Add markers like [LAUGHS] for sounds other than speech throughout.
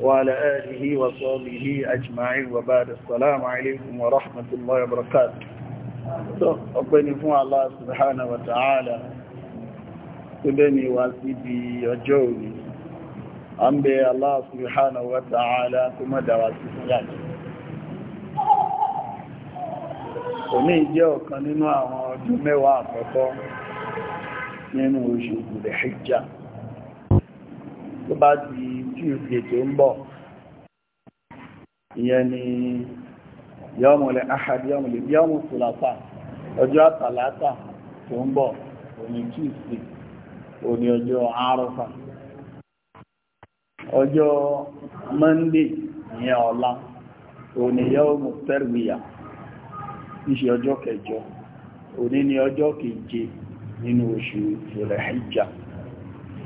وعلى آله وصحبه أجمعين وبعد السلام عليكم ورحمة الله وبركاته ọ̀pẹ́ni fún Allah subhanahu wa ta'ala tó lẹ́ni wá sí bí ọjọ́ òní a ń bẹ Allah subhanahu wa ta'ala tó mọ́dáwà sí fún yàjì òní jẹ́ ọ̀kan nínú àwọn ọdún mẹ́wàá àkọ́kọ́ nínú oṣù Dhul Hijjah tó bá di tuesday tó ń bọ̀ ìyẹn ni yọmùlẹ̀ ahadi yọmùlẹ̀ yọmù tùlàtà ọjọ́ àtàlátà tó ń bọ̀ òní tuesday òní ọjọ́ àrùfà ọjọ́ monday ìyẹn ọ̀la òní yọmù tẹ́rùwìyà ìṣe ọjọ́ kẹjọ òní ni ọjọ́ keje nínú oṣù ìrẹ̀hìjà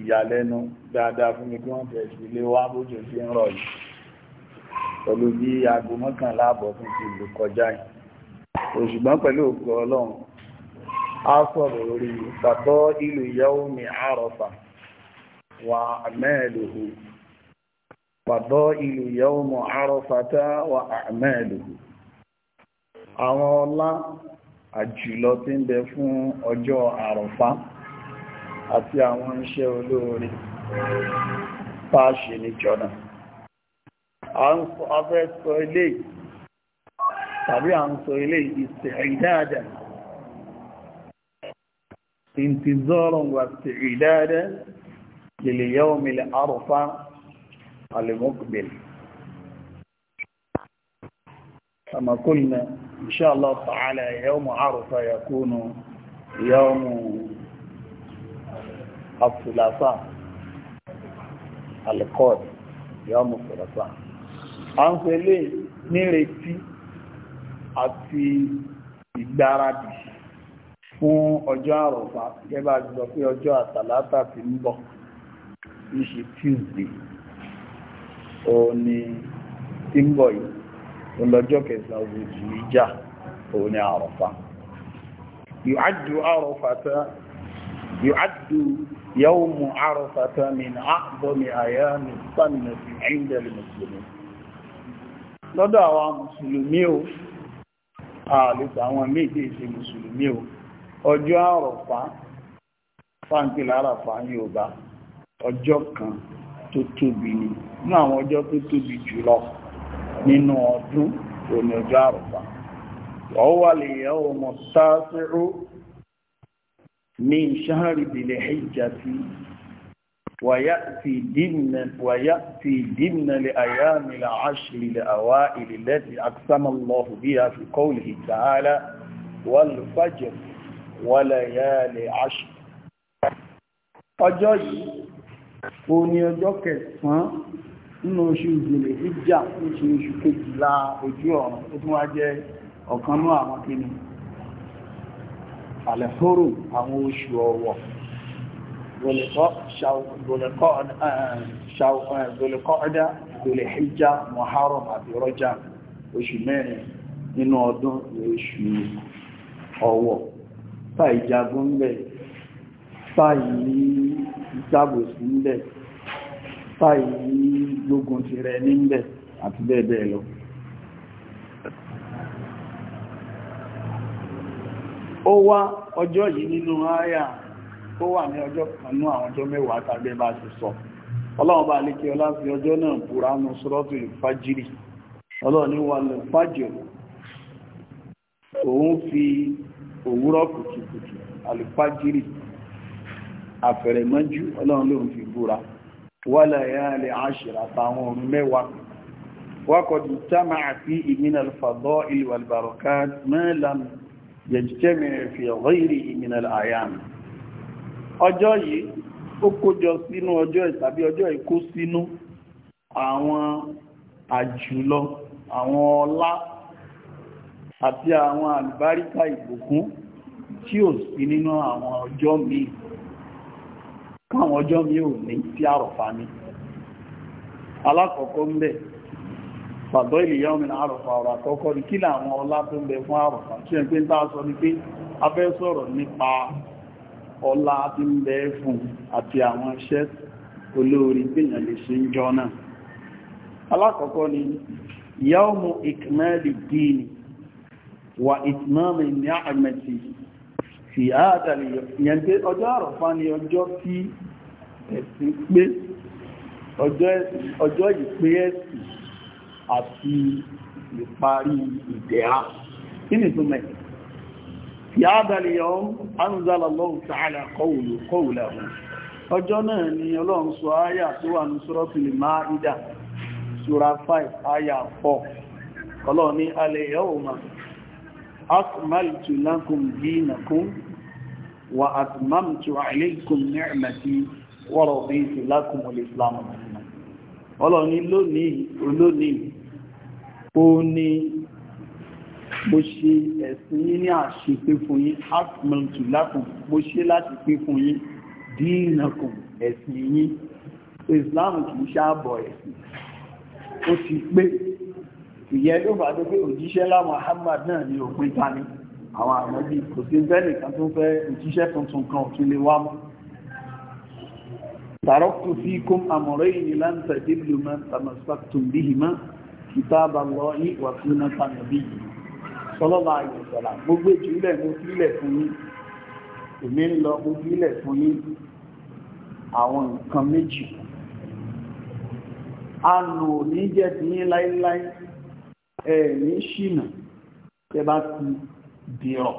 ìyàlẹ́nu dáadáa fún mi kí wọ́n fẹ́ sí ilé wá bójú sí ń rọ̀ yìí pẹ̀lú bí aago mọ́kànlá àbọ̀ fún ti lù kọjá yìí òṣùgbọ́n pẹ̀lú ògo ọlọ́run á sọ̀rọ̀ orí ìsàtọ́ ìlú ìyàwó mi àrọ̀fà wà àmẹ́ẹ̀lùhù pàtọ́ ìlú ìyàwó mọ̀ àrọ̀fàtà wà àmẹ́ẹ̀lùhù àwọn ọlá àjùlọ tí ń bẹ fún ọjọ́ àrọ̀fà àti àwọn iṣẹ́ olóore pàṣẹ níjọ́nà a fẹ́ sọ ilé tàbí à ń sọ ilé ìsẹ̀ìdáadà intizọ́rọ̀ wà ìsẹ̀ìdáadà lil yawmil arfa al-muqbil كما قلنا إن شاء الله تعالى يوم عرفة يكون يوم àfùlàfà alikọ́ọ̀dù yọ mú fùlàfà à ń pèlè nírètí àti ìgbáradì fún ọjọ́ àrọ̀fà gẹ́gbà jọ pé ọjọ́ àtàlátà ti ń bọ̀ ní ṣe Tuesday ó ní tí ń bọ̀ yìí ó kẹsàn-án oṣù òun ni àrọ̀fà yóò ájú àrọ̀fà tán يعد يوم عرفة من أعظم أيام السنة عند المسلمين lọ́dọ̀ àwọn mùsùlùmí o ààlùsọ àwọn méjì ìṣe mùsùlùmí o ọjọ́ àrọ̀fà fáǹkìlá àràfà Yorùbá ọjọ́ kan tó tóbi ni ní àwọn ọjọ́ tó tóbi jùlọ nínú ọdún òní ọjọ́ àrọ̀fà ọwọ́ lè yẹ ọmọ sáásírò من شهر ذي الحجة ويأتي ضمن ويأتي ضمن لأيام العشر الأوائل التي أقسم الله بها في قوله تعالى والفجر وليالي عشر ọjọ́ yìí o ní ọjọ́ kẹsàn-án nínú oṣù ìjìnlẹ̀ ìjà oṣù oṣù kejìlá ojú ọ̀run tó tún wá jẹ́ ọ̀kan náà àwọn kìnnìkan àlẹ́fóró àwọn oṣù ọ̀wọ̀ Dhul-Qa'da eh, eh, Dhul-Hijja Muharram àti Rajab oṣù mẹ́rin nínú ọdún oṣù ọ̀wọ̀ táì jagun ń bẹ̀ táì ní ìjágbòsí ń bẹ̀ táì ní gbógun ti rẹ̀ ní ń àti bẹ́ẹ̀ bẹ́ẹ̀ lọ ó wá ọjọ́ yìí nínú àyà ó wà ní ọjọ́ kanú àwọn ọjọ́ mẹ́wàá tàbí bá ti sọ ọlọ́run bá lè kí ọlá fi ọjọ́ náà búra nù sọ́rọ́tù ìfàjírì ọlọ́run fi òwúrọ̀ kùtùkùtù àlùfàjírì àfẹ̀rẹ̀mọ́jú ọlọ́run lóun fi búra wà láyé يجتمع في غيره من àyàmì ọjọ́ yìí ó kójọ sínú ọjọ́ tàbí ọjọ́ ìkó sínú àwọn àjùlọ àwọn ọlá àti àwọn àlùbáríkà ìbùkún tí ò sí nínú àwọn ọjọ́ míì káwọn ọjọ́ míì ò ní tí àrọ̀fà ní alákọ̀ọ́kọ́ ń bẹ̀ẹ́ fàdọ́ ìlìyà òmìnà àrọ̀fà ọ̀rọ̀ àkọ́kọ́ ní kí làwọn ọlá tó ń bẹ fún àrọ̀fà tí ẹ̀ pé ń tàà sọ ní pé abẹ́ sọ̀rọ̀ nípa ọlá tí ń bẹ fún àti àwọn iṣẹ́ olóorí gbìyàn lè ṣe ń jọ náà alákọ̀ọ́kọ́ ni yawmu ikmali dini wa itmami ni'amati fi àádàlì yẹn pé ọjọ́ àrọ̀fà ni ọjọ́ tí ẹ̀sìn pé ọjọ́ ìpé ẹ̀sìn àti ìparí ìdẹ̀ra kí ni tó mẹ́ fi ádàlẹ̀ yọ anzalallahu ta'ala qawlu qawlahu ọjọ́ náà ni ọlọ́run sọ áyà tó wà ní suratul Maida sura 5 áyà 4 ọlọ́run ní al-yawma lakum wa wa lónìí olónìí ó ní mo ṣe ẹ̀sìn yín ní àṣepé fún yín asmọ̀tù lákùn mo ṣe láti pé fún yín dínàkùn ẹ̀sìn yín Islam kìí ṣàbọ̀ ẹ̀sìn ó ti pé ìyẹ́ ló bá tó pé òjíṣẹ́ lá Muhammad náà ni òpin ta ni àwọn àmọ́bí kò sí bẹ́ẹ̀lì kan tó fẹ́ òjíṣẹ́ tuntun kan ò tún lè wá mọ́ tààrọ́kù fíkum amrayn lan tadillu ma tamassaktum bihima kìtàbà lọ ní ìwàkú náà tàbí yìí sọlọ́lá àyẹ̀sọ̀lá gbogbo ìjìnlẹ̀ mo fílẹ̀ fún yín èmi ń lọ mo fílẹ̀ fún yín àwọn nǹkan méjì anù òní jẹ́ ti yín láíláí ẹ̀ ní ṣìnà tẹ bá ti dìrọ̀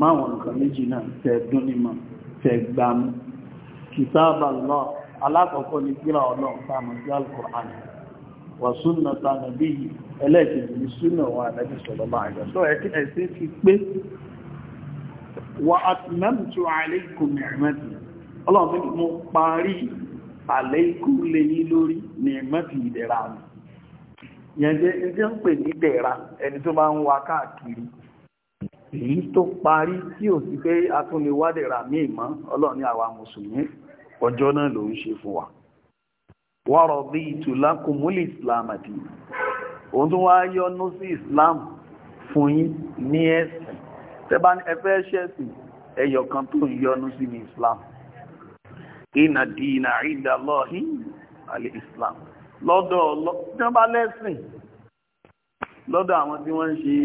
máwọn nǹkan méjì náà tẹ dún ní mọ̀ tẹ gbámú kìtàbà lọ alákọ̀ọ́kọ́ ni kíra ọlọ́run sáàmù sí alukọ̀ọ́nù wà súnà ta nàbí ẹlẹ́ẹ̀kejì ní súnà wà nàbí sọ̀rọ̀ máa yọ sọ ẹ ẹsẹ fi pé wà àtìmẹ́mùtò àlékún nìrìmẹ́tì ọlọ́run mo parí àlékún lẹ́yìn lórí nìrìmẹ́tì ìdẹ̀ra mi yẹn jẹ́ ẹjẹ́ ń pè ní dẹ̀ra ọjọ́ náà ló ń ṣe fún wa wọ́rọ̀dí ìtùlákùnmúlì islam àti òun tún wá yọ́nú sí islam fún yín ní ẹ̀sìn tẹ́bá ní ẹfẹ́ ṣẹ́sìn ẹyọ kan tó ń yọ́nú sí ní islam iná di iná ìdá lọ́hìn alẹ́ islam lọ́dọ̀ ọlọ́dọ̀ lẹ́sìn lọ́dọ̀ àwọn tí wọ́n ń ṣe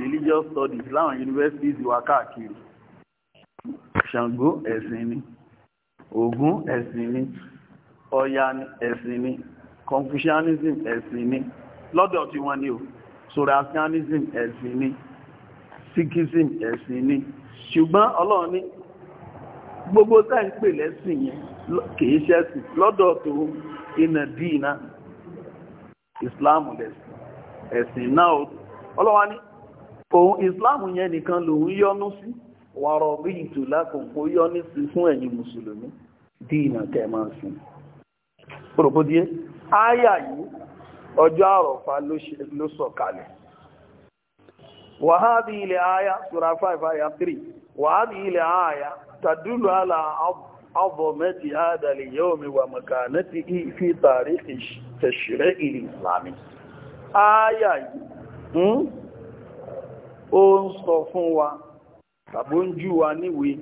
religious studies láwọn universities wà káàkiri ṣàngó ẹ̀sìn ni ògún ẹ̀sìn ni ọya ẹ̀sìn ni confucianism ẹ̀sìn ni lọ́dọ̀ tí wọ́n o sikhism ẹ̀sìn ṣùgbọ́n ọlọ́run ní gbogbo tá pè lẹ́sìn yẹn kìí ṣẹ́sìn lọ́dọ̀ tó iná dìínà islam ẹ̀sìn náà yẹn nìkan lòun sí wàrọ̀ bí sí fún mùsùlùmí dìínà máa pòròpódíé áyà yìí ọjọ́ àrọ̀fà ló sọ̀kalẹ̀ wàhádì ilẹ̀ áyà sura 5 áyà 3 wàhádì ilẹ̀ tàdúlù yóò mi wà fi ilẹ̀ ìsìlámi áyà yìí hmm, ó ń sọ fún wa tàbí ń jú wa níwèé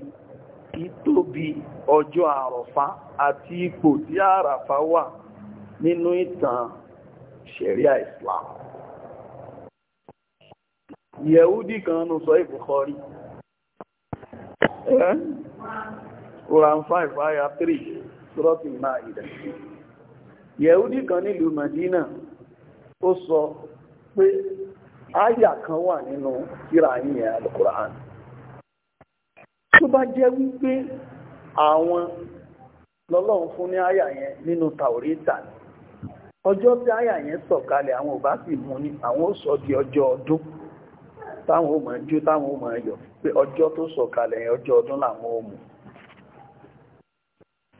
títóbi ọjọ́ àrọ̀fá àti ipò tí àràfá wà nínú ìtàn ṣẹ̀ríà Islam yẹ̀údì kan nù sọ ìbùkọrí ẹ́ Quran 5 aya 3 sọ́rọ̀tì máa ìdá yẹ̀údì kan nílùú Madina ó sọ pé áyà kan wà nínú tírà yìnyẹn al-Quran tó bá jẹ́ wípé àwọn lọ́lọ́run fún ní àyà yẹn nínú tàórítà ọjọ́ tí àyà yẹn sọ̀kalẹ̀ àwọn ò bá sì mú ní àwọn ó sọ di ọjọ́ ọdún táwọn ò mọ̀ jó táwọn ò mọ̀ yọ̀ pé ọjọ́ tó sọ̀kalẹ̀ yẹn ọjọ́ ọdún làwọn ò mú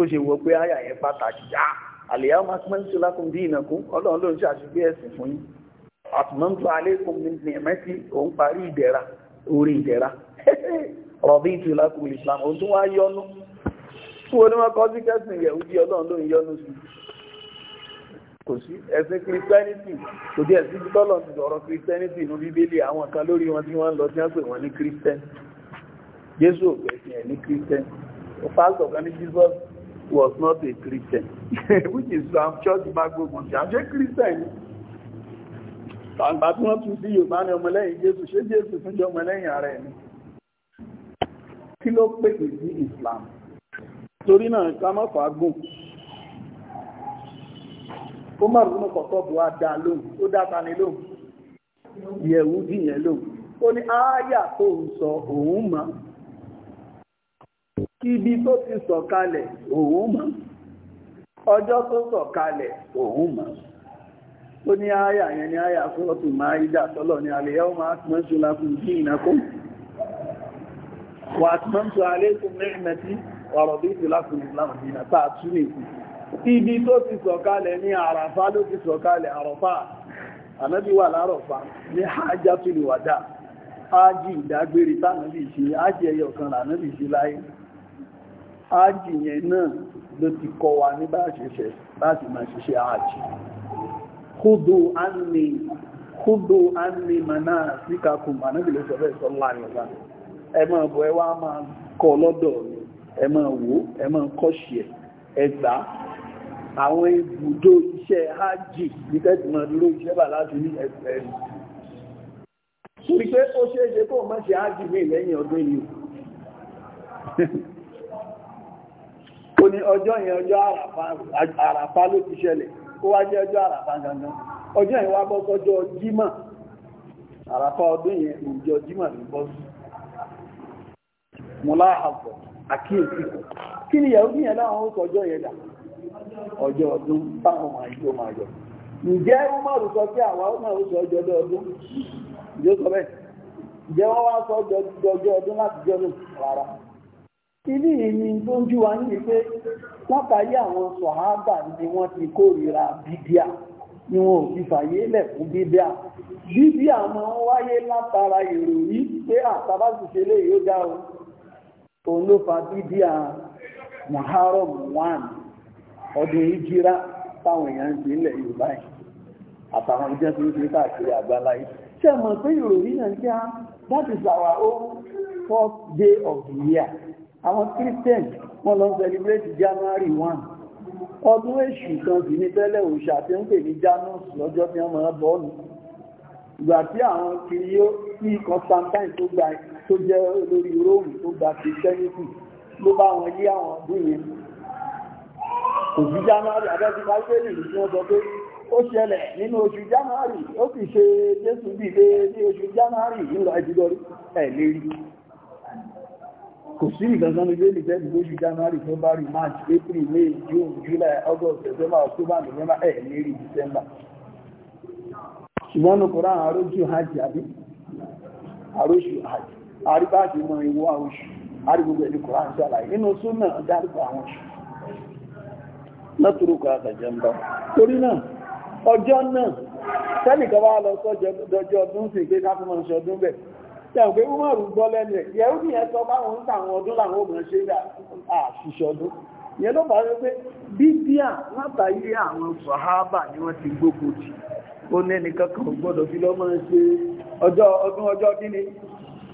ó ṣe wọ pé àyà yẹn pàtàkì já àlèyá ọmọ akímọ́sí lákùn bí ìnàkú ọlọ́run ló ń ṣàṣìgbé ẹ̀sìn fún yín àtùmọ́ntò alẹ́kùn ní ẹ̀mẹ́sì òun parí ìdẹ̀ra orí ìdẹ̀ra [LAUGHS] rọ̀bíntì lákùn islam ohun tó wá yọnu tí wọ́n ní wọ́n kọ́ sí kẹ́sìn yẹ̀wú bí ọlọ́run ló ń yọnu sí kò sí ẹ̀sìn christianity kò sí ẹ̀sìn tọ́lọ̀ ti sọ̀rọ̀ christianity inú bíbélì àwọn kan lórí wọn tí wọ́n lọ sí àpè wọn ní christian jésù ò gbẹ̀sìn ẹ̀ ní christian the pastor kan ní jesus was not a christian [LAUGHS] which is am church magbogun ṣe àṣẹ christian ni tàǹgbà tí wọ́n tún sí yorùbá ní ọmọlẹ́yìn jésù ṣé jésù tún ọmọlẹ́yìn ara ẹ̀ ni kí ló pèsè sí Islam torí náà ká má fà á gùn ó má rúnú kọ̀kọ́ bù á dá lóhùn ó yẹ̀wù lóhùn ó ní ááyà tó ń sọ òun mọ́ ibi tó ti sọ̀kalẹ̀ òun mọ́ ọjọ́ tó kalẹ̀ òun mọ́ ó ní ááyà yẹn ní ááyà máa ń dà ní máa وأتممت عليكم نعمتي ورضيت لكم الإسلام دينا تاتشريكم ibi tó ti sọ̀kalẹ̀ ní àràfá ló ti sọ̀kalẹ̀ àràfá ànábí wà láràfá ní hajjatul wada ájì ìdágbére tánàbí ṣe ájì ẹyọ kan lànàbí ṣe láyé ájì yẹn náà ló ti kọ wa ní bá ṣiṣẹ́ láti máa ṣiṣẹ́ ájì kúdù ánì kúdù ánì maná ẹ máa bọ̀ ẹ wá máa kọ́ lọ́dọ̀ mi ẹ máa wò ẹ máa kọ́ṣì ẹ̀ ẹ gbà àwọn ibùdó iṣẹ́ hajj ní tẹ́tì máa dúró iṣẹ́ bà láti ní ẹ̀sẹ̀ rí torí pé ó ṣeé ṣe kó má ṣe hajj mí lẹ́yìn ọdún yìí ó ní ọjọ́ yẹn ọjọ́ àràfá ló ti ṣẹlẹ̀ ó wá jẹ́ ọjọ́ àràfá gangan ọjọ́ yẹn wá bọ́ sọ́jọ́ jímà àràfá ọdún yẹn òjò jímà ló bọ́ sí mọ́láhàbọ̀ àkíyèsí kí ni yàwó níyàn láwọn oókọ ọjọ́ ọjọọ ọjọ́ ọdún táwọn máa yí ó máa jọ, ǹjẹ́ ó máa rù sọ sí àwọn ó máa rùsọ ọjọ́ ọdún yóò ǹjẹ́ wọ́n wá sọ ọjọ́ ọdún láti rárá ilé ìní tó ń àwọn ni wọ́n ti kórìíra bíbíà bíbíà òun ló fa bídíà muharram one ọdún ìjírá táwọn èèyàn ń ṣe ilẹ̀ yorùbá yìí àtàwọn ìjẹ́ tó ń ṣe káàkiri àgbáláyé ṣe mọ̀ pé ìròyìn náà kí that is our own fourth day of the year àwọn christian wọ́n lọ celebrate january one ọdún èṣù kan sì ní tẹ́lẹ̀ òṣà tí ń pè ní janus lọ́jọ́ tí wọ́n máa bọ́ọ̀lù ìgbà tí àwọn kiri yóò sí constantine tó gba tó jẹ́ olórí róòmù tó gba kìrìsẹ́nìtì ló bá wọn yí àwọn ọdún yẹn kò sí january abẹ́sí báíbélì ní wọ́n sọ pé ó ṣẹlẹ̀ nínú oṣù january ó sì ṣe jésù bí ilé ní oṣù january nílò ẹ̀dídọ́rí ẹ̀ lérí kò sí ìgbẹ̀sán ní bẹ́ẹ̀lì jẹ́ january february march april may june july august september october november ẹ̀ lérí december ṣùgbọ́n nukura àrójú hajj àbí àrójú hajj arịba mọ ìwọ àwọn oṣù àrígbogbo ẹni kòrán ṣàlàyé nínú súnà dárúkọ àwọn oṣù a àtàjẹ́ ń bá torí náà ọjọ́ náà sẹ́nìkan wá lọ sọ́jọ́ ọdún sí ọdún ọdún rẹ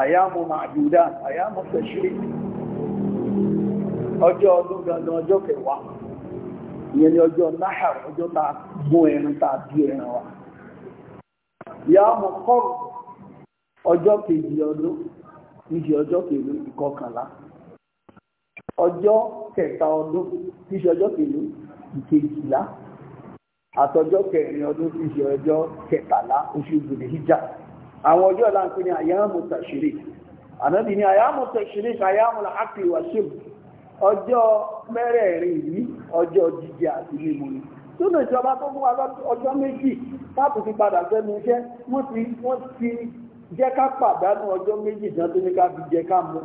àyàmù màdúdà àyàmù tẹ̀ṣírí ọjọ́ ọdún gangan ọjọ́ kẹwàá ìyẹn ni ọjọ́ náà ọjọ́ ta gún ẹran ta bí ẹran wa yàmù kọrù ọjọ́ kejì ọdún níṣe ọjọ́ kejì ìkọkànlá ọjọ́ kẹta ọdún ọjọ́ ìkejìlá àtọjọ́ kẹrin ọdún ọjọ́ kẹtàlá oṣù àwọn ọjọ́ ọ̀la ń pè ní àyàmù tàṣírí ànábì ní àyàmù tàṣírí àyàmù làákì wàṣíù ọjọ́ mẹ́rẹ̀ẹ̀rin yìí ọjọ́ jíjẹ àti mímu ni tó lè jọba tó mú wa ọjọ́ méjì táàpù ti padà sẹ́nu iṣẹ́ wọ́n ti wọ́n ti jẹ́ ká pàdánù ọjọ́ méjì tán tó ní ká fi jẹ ká mu.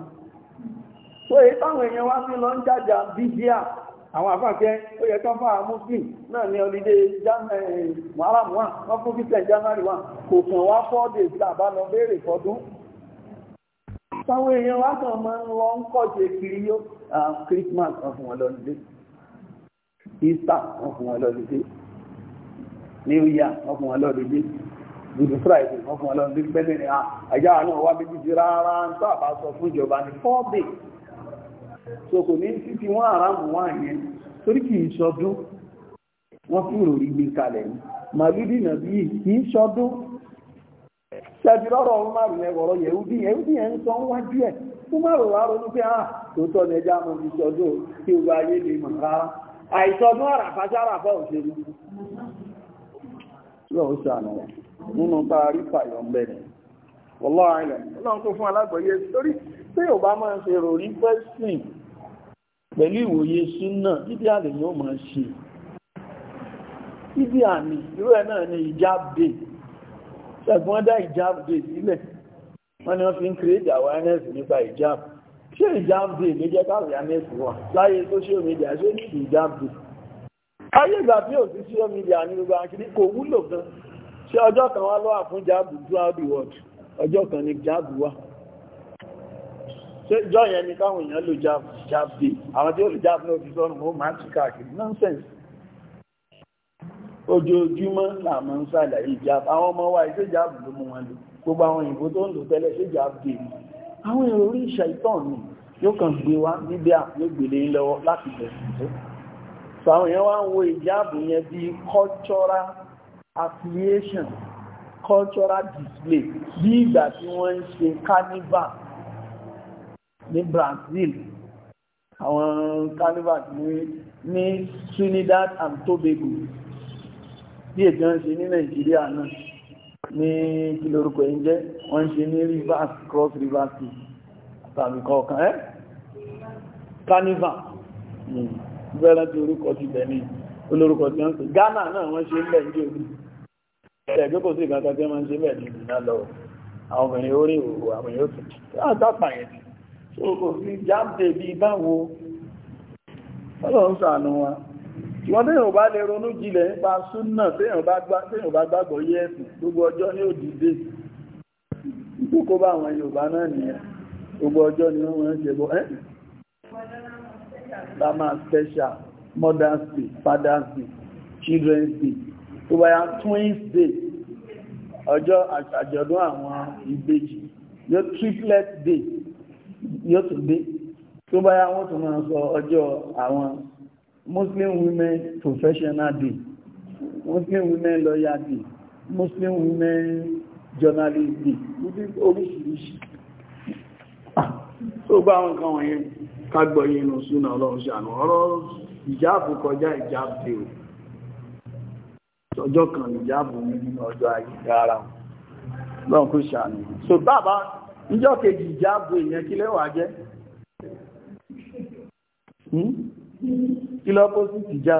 àwọn àfáàkẹ́ ó yẹ kán fáà muslim náà ní ọlídé mọ́hálàmù 1 wọ́n fún christian january wà kò kàn wá four days tàbá lọ béèrè fọdún táwọn èèyàn ń lọ ń kọ́jẹ kiri yó christmas wọ́n fún easter wọ́n new year friday wọ́n fún rárá ń fún ìjọba ní four so kò ní títí wọ́n àrámù wọ́n àyẹn torí kìí ṣọdún wọ́n fún ìròrí gbé kalẹ̀ ní màlúdì nàbí kìí ṣọdún ṣẹ́bí lọ́rọ̀ ọmọrù yẹn wọ̀rọ̀ yẹ̀údí yẹ̀údí yẹn ń sọ ń wájú ẹ̀ ọmọrù wa ronú ah tòótọ́ ni ẹja mo fi ṣọdún kí o bá yé lè mọ̀ rárá àìṣọdún àràfà sárafa òṣèlú lọ́wọ́ sànà nínú bá rí fàyọ̀ bẹ̀rẹ̀ wọ́lọ́ àìlẹ̀ ọlọ́run tó fún alágbọ̀yé torí tí ò bá máa ń ṣe rò rí pẹ́sìn pẹ̀lú ìwòye súnà bíbí àlè ni ó máa ṣe bíbí àmì irú ẹ̀ náà ni ìjábè ṣẹ̀gbọ́n dá ìjábè sílẹ̀ wọ́n ni wọ́n fi ń create awareness nípa ìjábè ṣé ìjábè ló jẹ́ ká awareness wà láyé social media ṣé ní ìjábè ayé ìgbà tí ò sí social media ní gbogbo àkíní kò wúlò gan ṣé ọjọ́ kan wá lọ́wọ́ fún jábù throughout the world ọjọ́ kan ni jábù wà ṣé jọ yẹn ni káwọn èèyàn lò jáàbì àwọn tí ó lè jáàbì náà fi sọ́run ó máa ti káàkiri nonsense ojoojúmọ́ là máa ń ṣàlàyé ìjáàbì àwọn ọmọ wa ìṣe ìjáàbì ló mú wọn lò gbogbo àwọn òyìnbó tó ń lò tẹ́lẹ̀ ṣe ìjáàbì àwọn èrò orí ìṣàìtàn ni yóò kàn gbé wá níbi àpò ìgbèlè lọ́wọ́ láti bẹ̀rẹ̀ tó sàwọn èèyàn wá ń cultural affiliation cultural display bí ìgbà tí wọ́n carnival ní Brazil àwọn carnival ní ní Trinidad and Tobago bí ètò ń ṣe ní Nàìjíríà náà ní kí lórúkọ wọ́n ṣe ní rivers cross rivers tàbí kọ̀ọ̀kan ẹ́ carnival hmm. bẹ́ẹ̀rẹ́ tí orúkọ ti bẹ̀ ní olórúkọ tí wọ́n ṣe Ghana náà wọ́n ṣe lẹ̀ ní orí ẹgbẹ́ kò sí ìgbàkan tí wọ́n ṣe lẹ̀ ní ìrìnà lọ so kò sí jáde bí báwo ọlọ́run ṣàánú wa wọ́n tẹ́yàn bá lè ronú jìnlẹ̀ nípa súnà tẹ́yàn bá gbàgbọ́ yé ẹ̀sìn gbogbo ọjọ́ ní òdìdé ìkókó bá àwọn Yorùbá náà nìyẹn gbogbo ọjọ́ ni wọ́n ń ṣe bọ́ ẹ́ lama special mother's day father's day children's day tó bá yá twins day ọjọ́ àjọ̀dún àwọn ìbejì yóò triplet day yóò tún dé tó bá yá wọ́n tún máa sọ ọjọ́ àwọn muslim women professional day muslim women lawyer day muslim women journalist day oríṣiríṣi ah, tó bá wọn kan wọ̀nyí kágbọ̀ yìí nù súnà ọlọ́run ṣàánú ọ̀rọ̀ ìjáàbù kọjá ìjáàbù dé o ọjọ́ kan ìjáàbù nínú ọjọ́ ayé rárá lọ́nkú ṣàánú so bàbá níjọ́ kejì ìjáàbò èèyàn kí lẹ́wàá jẹ́ hmm? kí lọ́pọ̀ sí ìjà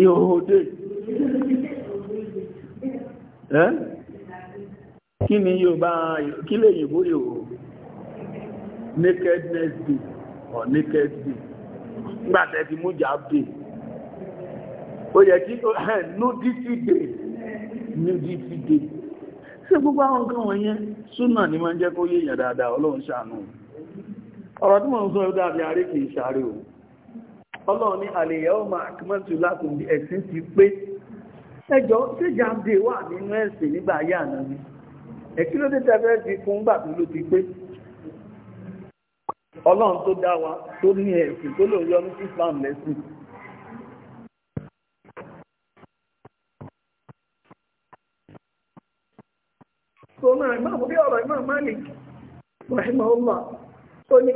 ìhòhòdè ẹ́ kí ni yóò bá kí lè yìnbó yóò nakedness day or naked day nígbàtẹ́ ti mú jáàbò ó yẹ kí nudity day nudity day ṣe gbogbo àwọn nǹkan wọ̀nyẹn súnà ní máa ń jẹ́ kó yíyàn dáadáa ọlọ́run ṣàánú ọ̀rọ̀ tí mo ń sọ ẹ̀ dàbí arí kìí ṣàárẹ̀ o ọlọ́run ní àlèyẹ ó máa kìmọ́tù látò bí ẹ̀sìn ti pé ẹjọ́ ṣéjà ń dè wà nínú ẹ̀sìn nígbà ayé àná ni ẹ̀kí ló dé tẹ́fẹ́ ti fún gbà tó ló ti pé ọlọ́run tó dá wa tó ní ẹ̀sìn tó lòun yọ ní Islam lẹ́sìn tó máa máa mú bí ọ̀rọ̀ ìmọ̀ Malik rahimahullah ó ní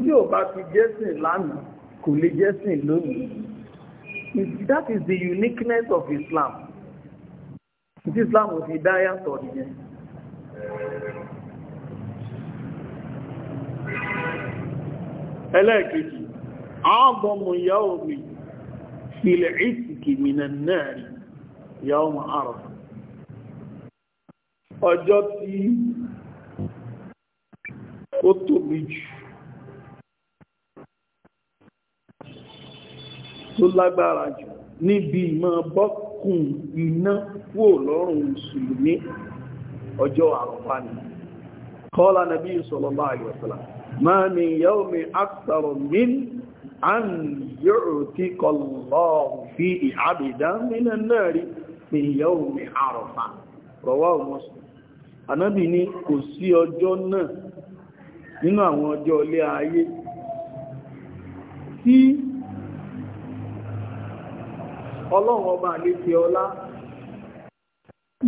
tí ò bá ti jẹ́sìn lánàá kò lè jẹ́sìn lónìí that is the uniqueness of Islam tí Islam ò fi dá yàtọ̀ nìyẹn ẹlẹ́ẹ̀kejì ààbọ̀mù yàwó mi fìlẹ̀ ìsìnkì mìnà náà ọjọ́ tí ó tóbi jù tó lágbára jù níbi ìmọ̀ bọ́kùn iná kúò lọ́rùn ọjọ́ àrọ̀fà kọ́lá nàbí sallallahu alaihi wasallam máa ní yawmi akthar min an yu'tika Allahu fihi 'abdan minan nari min yawmi àrọ̀fà rawahu Muslim ànábì ní kò sí ọjọ́ náà nínú àwọn ọjọ́ ilé ayé tí ọlọ́run ọba àlejò ọlá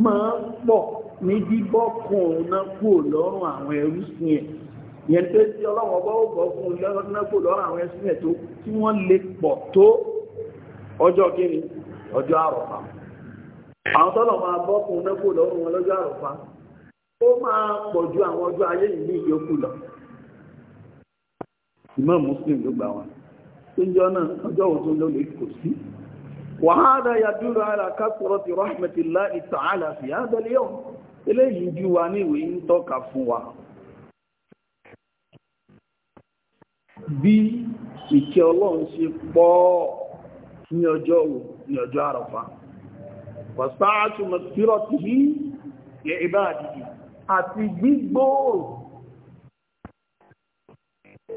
ń pọ̀ ní bíbọ́ òun náà kú lọ́rùn àwọn ẹrú sí ẹ̀ yẹn tó tí ọlọ́run ọba ó fún lọ́rùn náà kú lọ́rùn àwọn ẹrú sí ẹ̀ tó wọ́n lè pọ̀ tó ọjọ́ kíni ọjọ́ àrọ̀fà àwọn tọ́lọ̀ máa bọ́ fún ó máa pọ̀ ju àwọn ọjọ́ ayé yìí ní ìyókù lọ ìmọ̀ muslim ló gbà wọn tó ń jọ náà ọjọ́ òun tó lọ lè kò sí wàhálà yàdúrà ara kásọ̀rọ̀ ti rahmatulá ìtàhálà sí àdàlẹ́ ọ̀ eléyìí ju wa ní ìwé ń tọ́ka fún wa bí ìkẹ́ ọlọ́run ṣe pọ̀ ní ọjọ́ òun ní ọjọ́ àrọ̀fà wàsáàtù mọ̀sírọ̀ tìhí ìbáàdìí àti gbígbòòrò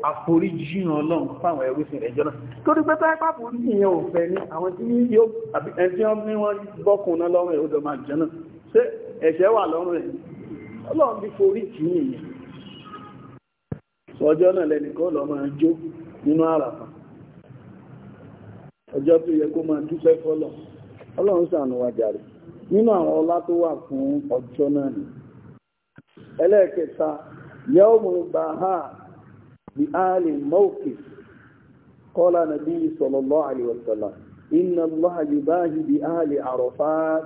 àforíjì ọlọ́run fáwọn ẹrú sí ẹjọ́ náà torí pé táyé pàpò ní ìyẹn ò fẹ́ ní àwọn tí yóò àbí ẹni wọ́n ní wọ́n bọ́kùn náà lọ́rùn ẹ̀ odò máa jẹ́ náà ṣé ẹ̀ṣẹ̀ wà lọ́rùn ẹ̀ ọlọ́run bí forí jì ní ìyẹn ọjọ́ náà lẹ́nìkan lọ máa jó nínú àràfà ọjọ́ tó yẹ kó máa dúpẹ́ fọ́lọ̀ ọlọ́run ṣàánú wa jàre nínú àwọn ọlá tó wà fún ọjọ́ náà ẹlẹ́ẹ̀kẹta yawmu baha bi ali mawqif qala nàbí sallallahu alaihi wa sallam inna allaha yubahi bi ali arafat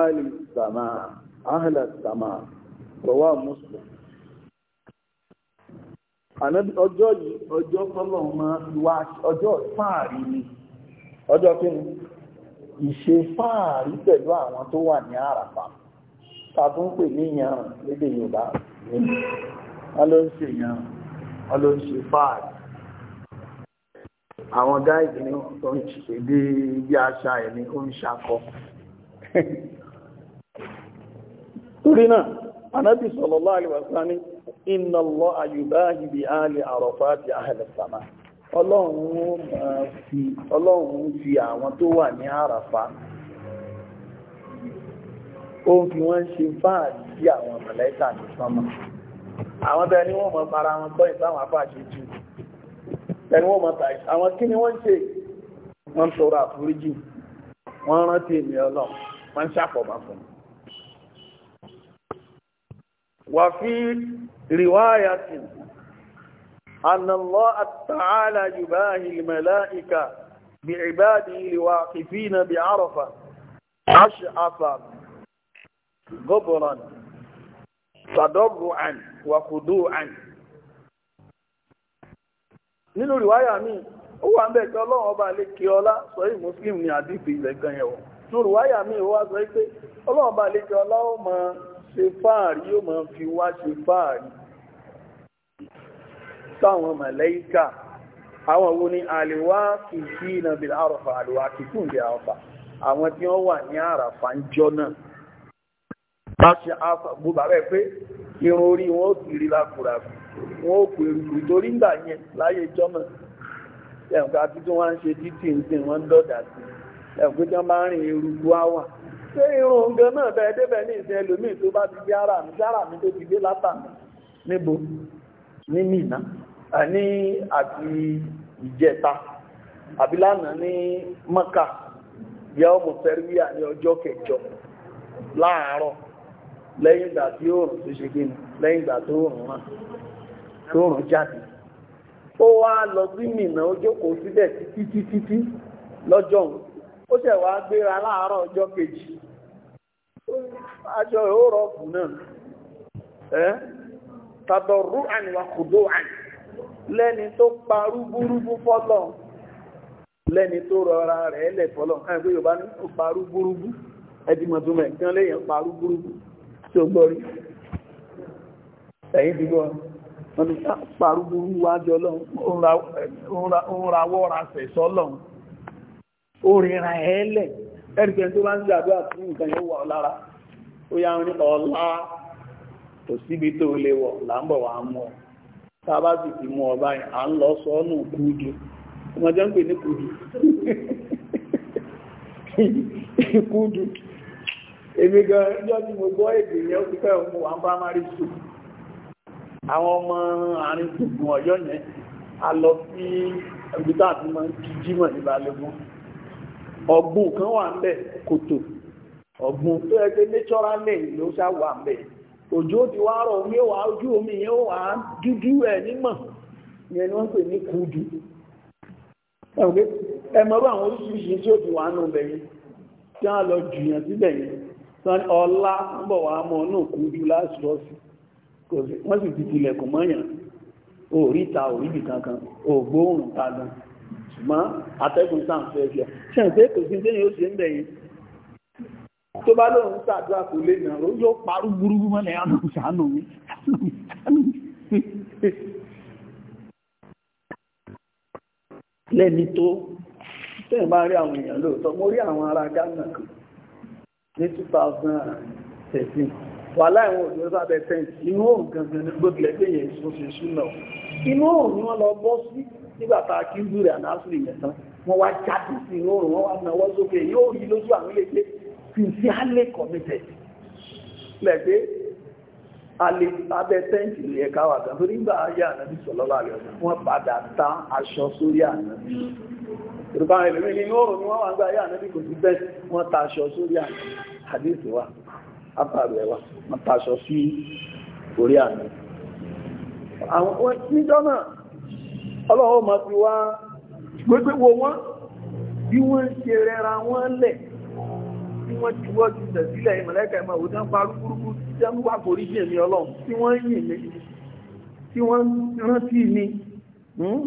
ali sama ahla sama rọwà muslim ànábì ọjọ́ yìí ọjọ́ tọ́lọ̀ máa wá ọjọ́ fáàrí ni ìṣe fáàrí pẹ̀lú àwọn tó wà ní àràfà tàbí ń pè ní ìyàn lédè Yorùbá wọ́n ló ń ṣe ìyàn wọ́n ló ń ṣe fáàdì àwọn gáìdì ní ọ̀tọ́ ìṣèdè bí àṣà ẹ̀ ní ó ń ṣakọ torí náà anábì sallallahu alaihi wasallam ní inna Allaha yubahi bi ahli Arafati ahli sama ọlọ́run fi àwọn tó wà ní àràfà ó ń fi wọ́n ṣe fáàdì sí àwọn mọ̀lẹ́kà ní sánmà àwọn bẹ́ẹ̀ ni wọ́n mọ̀ para wọn kọ́ ìsáwọn afáàṣe jù ẹni wọ́n mọ̀ tàí àwọn kí ni wọ́n ṣe wọ́n tọrọ àforíjì wọ́n rántí èmi ọlọ́run wọ́n ń ṣàfọ̀mọ́ fún un وفي رواية أن الله تعالى يباهي الملائكة بعباده الواقفين بعرفة أشعف goboran tadoruan wakuduan nínú ìwáyà mi ó wà ń bẹ̀ ọlọ́run ọba lè kí ọlá sọ yìí muslim ní àdìsí ilẹ̀ kan yẹ̀wò nínú ìwáyà mi ó wà sọ pé ọlọ́run ọba lè kí ọlá ó ṣe fáàrí fi wá ṣe fáàrí sáwọn àwọn wo ni kìí sí nàbìlà kìí fún ìdí àwọn tí wọ́n wà ní àràfà ń jọ náà bá ṣe àfàgbó bàbá ẹ̀ pé irun orí wọn ó kiri lákùràkù wọn ó kò èrùkù torí ńgbà yẹn láyé jọ́mọ̀ ẹ̀ǹkà tí tí wọ́n ń ṣe títì ń sìn wọ́n ń dọ̀dà sí ẹ̀ǹkú tí wọ́n bá ń rìn eruku áwà ṣé irun nǹkan náà bẹ́ẹ̀ débẹ̀ ní ìsìn ẹlòmíì tó bá ti gbé ara mi sí ara mi tó ti gbé látàmì níbo ní Mínà ní àti ìjẹta àbí ní Mọ́kà yẹ́ ọmọ fẹ́ríyà ní ọjọ́ kẹjọ láàárọ̀ lẹ́yìn ìgbà tí oòrùn tó ṣe gínú lẹ́yìn ìgbà tó tó oòrùn jáde ó wá lọ sí mìnà ó síbẹ̀ títí títí tí lọ́jọ́ ó ṣẹ̀ wá gbéra láàárọ̀ ọjọ́ kejì aṣọ ìhó náà ẹ́ àníwá àní lẹ́ni tó pa fọ́lọ̀ lẹ́ni tó rọra rẹ̀ lẹ̀ fọ́lọ̀ Yorùbá ní ó pa rúbúrúbú ẹ̀dìmọ̀tòmọ̀ ẹ̀kan lẹ́yìn pa tó gbọ́rí ẹ̀yìn ti gbọ́ wọ́n ni ah, wájọ́ ra ẹ̀ẹ́lẹ̀ tó bá ń jàdó àti nǹkan yóò wà lára ó yá ọlá kò síbi tó lè wọ̀ wà ọ tábà sì ti mú ọba yìí à ń lọ sọ́nù kúdù ọmọdé ń pè ní [LAUGHS] èmi gan ẹjọ́ ni mo gbọ́ èdè yẹn ó ti fẹ́ mo wà ń bá mari sù àwọn ọmọ àárín gbùngbùn ọ̀yọ́ yẹn a lọ sí ibi tá a ti máa ń kí jímọ̀ ní balẹ̀gbọ́n ọ̀gbun kan wà ń bẹ̀ kòtò ọ̀gbun tó yẹ pé naturally ló ṣá wà ń òjò ti wá rọ̀ omi wà ojú omi yẹn ó wà dúdú ẹ̀ nímọ̀ yẹn ni wọ́n pè ní kudu ẹ̀mọ́rú àwọn oríṣiríṣi tí ó ti wà nù bẹ̀yìn tí wọ́n lọ jù yàn síbẹ̀ yẹn sọ́ni ọlá ń bọ̀ wá mọ́ náà kú jù láṣọ́sí wọ́n sì ti tilẹ̀ mọ́yàn oríta oríbi kankan ògbóhùn tagan ṣùgbọ́n atẹ́gùn sáà ń ṣe ń pé kò sí sẹ́yìn ó ṣe ń bẹ̀yìn tó bá kò lè nà ó yóò parú burúkú mọ́lẹ̀ mi lẹ́ni tó bá rí àwọn èèyàn lóòótọ́ mo rí àwọn ará Ghana kan ní 2013 wà láìwọ̀n òjò sábẹ̀ tẹ́ǹtì inú òun gangan ní gbogbo ẹgbẹ́ yẹn ìṣòṣe ṣúnà inú òun ni wọ́n lọ bọ́ sí nígbàtà kíndùrì ànásùrì mẹ́tàn wọ́n wá jáde sí inú òun wọ́n wá náwọ́ sókè yóò rí lójú àwọn iléeṣẹ́ sincerely committed lẹ́gbẹ́ abẹ́ tẹ́ǹtì lè ẹ̀ka wà gan torí gbà ayé ànábì sọ̀lọ́lá rẹ̀ wọ́n padà ta aṣọ sórí ànábì ìrùbá ẹlẹ́mí nínú òòrùn ni wọ́n wà gbà ayé ànábì kò sí bẹ́ẹ̀ wọ́n ta aṣọ sórí hadith wa apàrọ ẹwà wọ́n taṣọ sí orí àná àwọn níjọ́ náà ọlọ́wọ́ ma fi wá gbégbéwò wọn bí wọ́n ṣe rẹra wọn lẹ̀ tí wọ́n ti wọ́ ti tẹ̀sílẹ̀ ìmọ̀lẹ́kà ìmọ̀ òdán parú burúkú tí wọ́n wà forí sí èmi ọlọ́run tí wọ́n yìn mí tí wọ́n rántí mi hmm?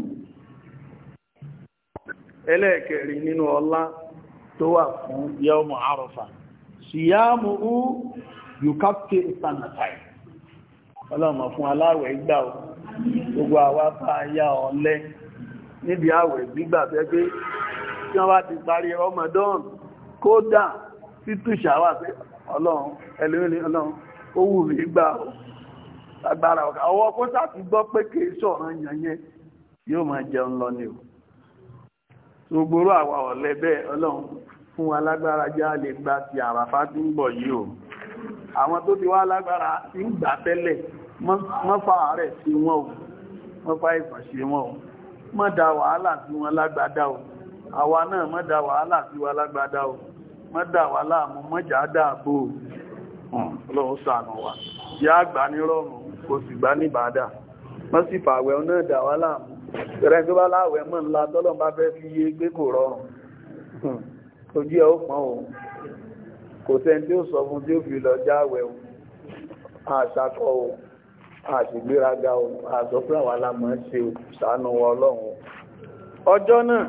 ẹlẹ́ẹ̀kẹ̀rin nínú ọlá tó wà fún yawmu Arafah síyámùú yùkápté ìsànàtàì ọlọ́mọ̀ fún aláwẹ̀ gbà ó gbogbo àwa bá yá ọlẹ́ níbi àwẹ̀ gbígbà pẹ́pẹ́ tí wọ́n bá ti parí Ramadan kódà títù ṣàwà pé ọlọ́run ẹlẹ́rin ọlọ́run ó wù mí gbà ó agbára ọ̀gá ọwọ́ kó sáti gbọ́ pé fún alágbára já lè gba ti àràfá tí ń bọ̀ yìí o àwọn tó ti wá alágbára ti ń gbà tẹ́lẹ̀ mọ́fà àárẹ̀ sí wọn o mọ́fà ìsàn wọn o mọ́ da wàhálà sí wọn lágbádá o àwa náà mọ́ da wàhálà sí wa lágbádá o mọ́ da wàhálà mú mọ́jà dáàbò ọlọ́run ṣàánú wa yá àgbà ní rọrùn kò sì gbá ní bàdà wọ́n sì fàwẹ̀ náà dà wá láàmú rẹ̀ tó bá láwẹ̀ ojú ẹ̀ ó pọ́n o kò sẹ́ni tí ó sọ fún tí ó fi lọ jáwẹ̀ o àṣàkọ a àṣìgbéraga o àṣọ́fúnàwà lámọ́ ṣe ṣàánú ọlọ́run ọjọ́ náà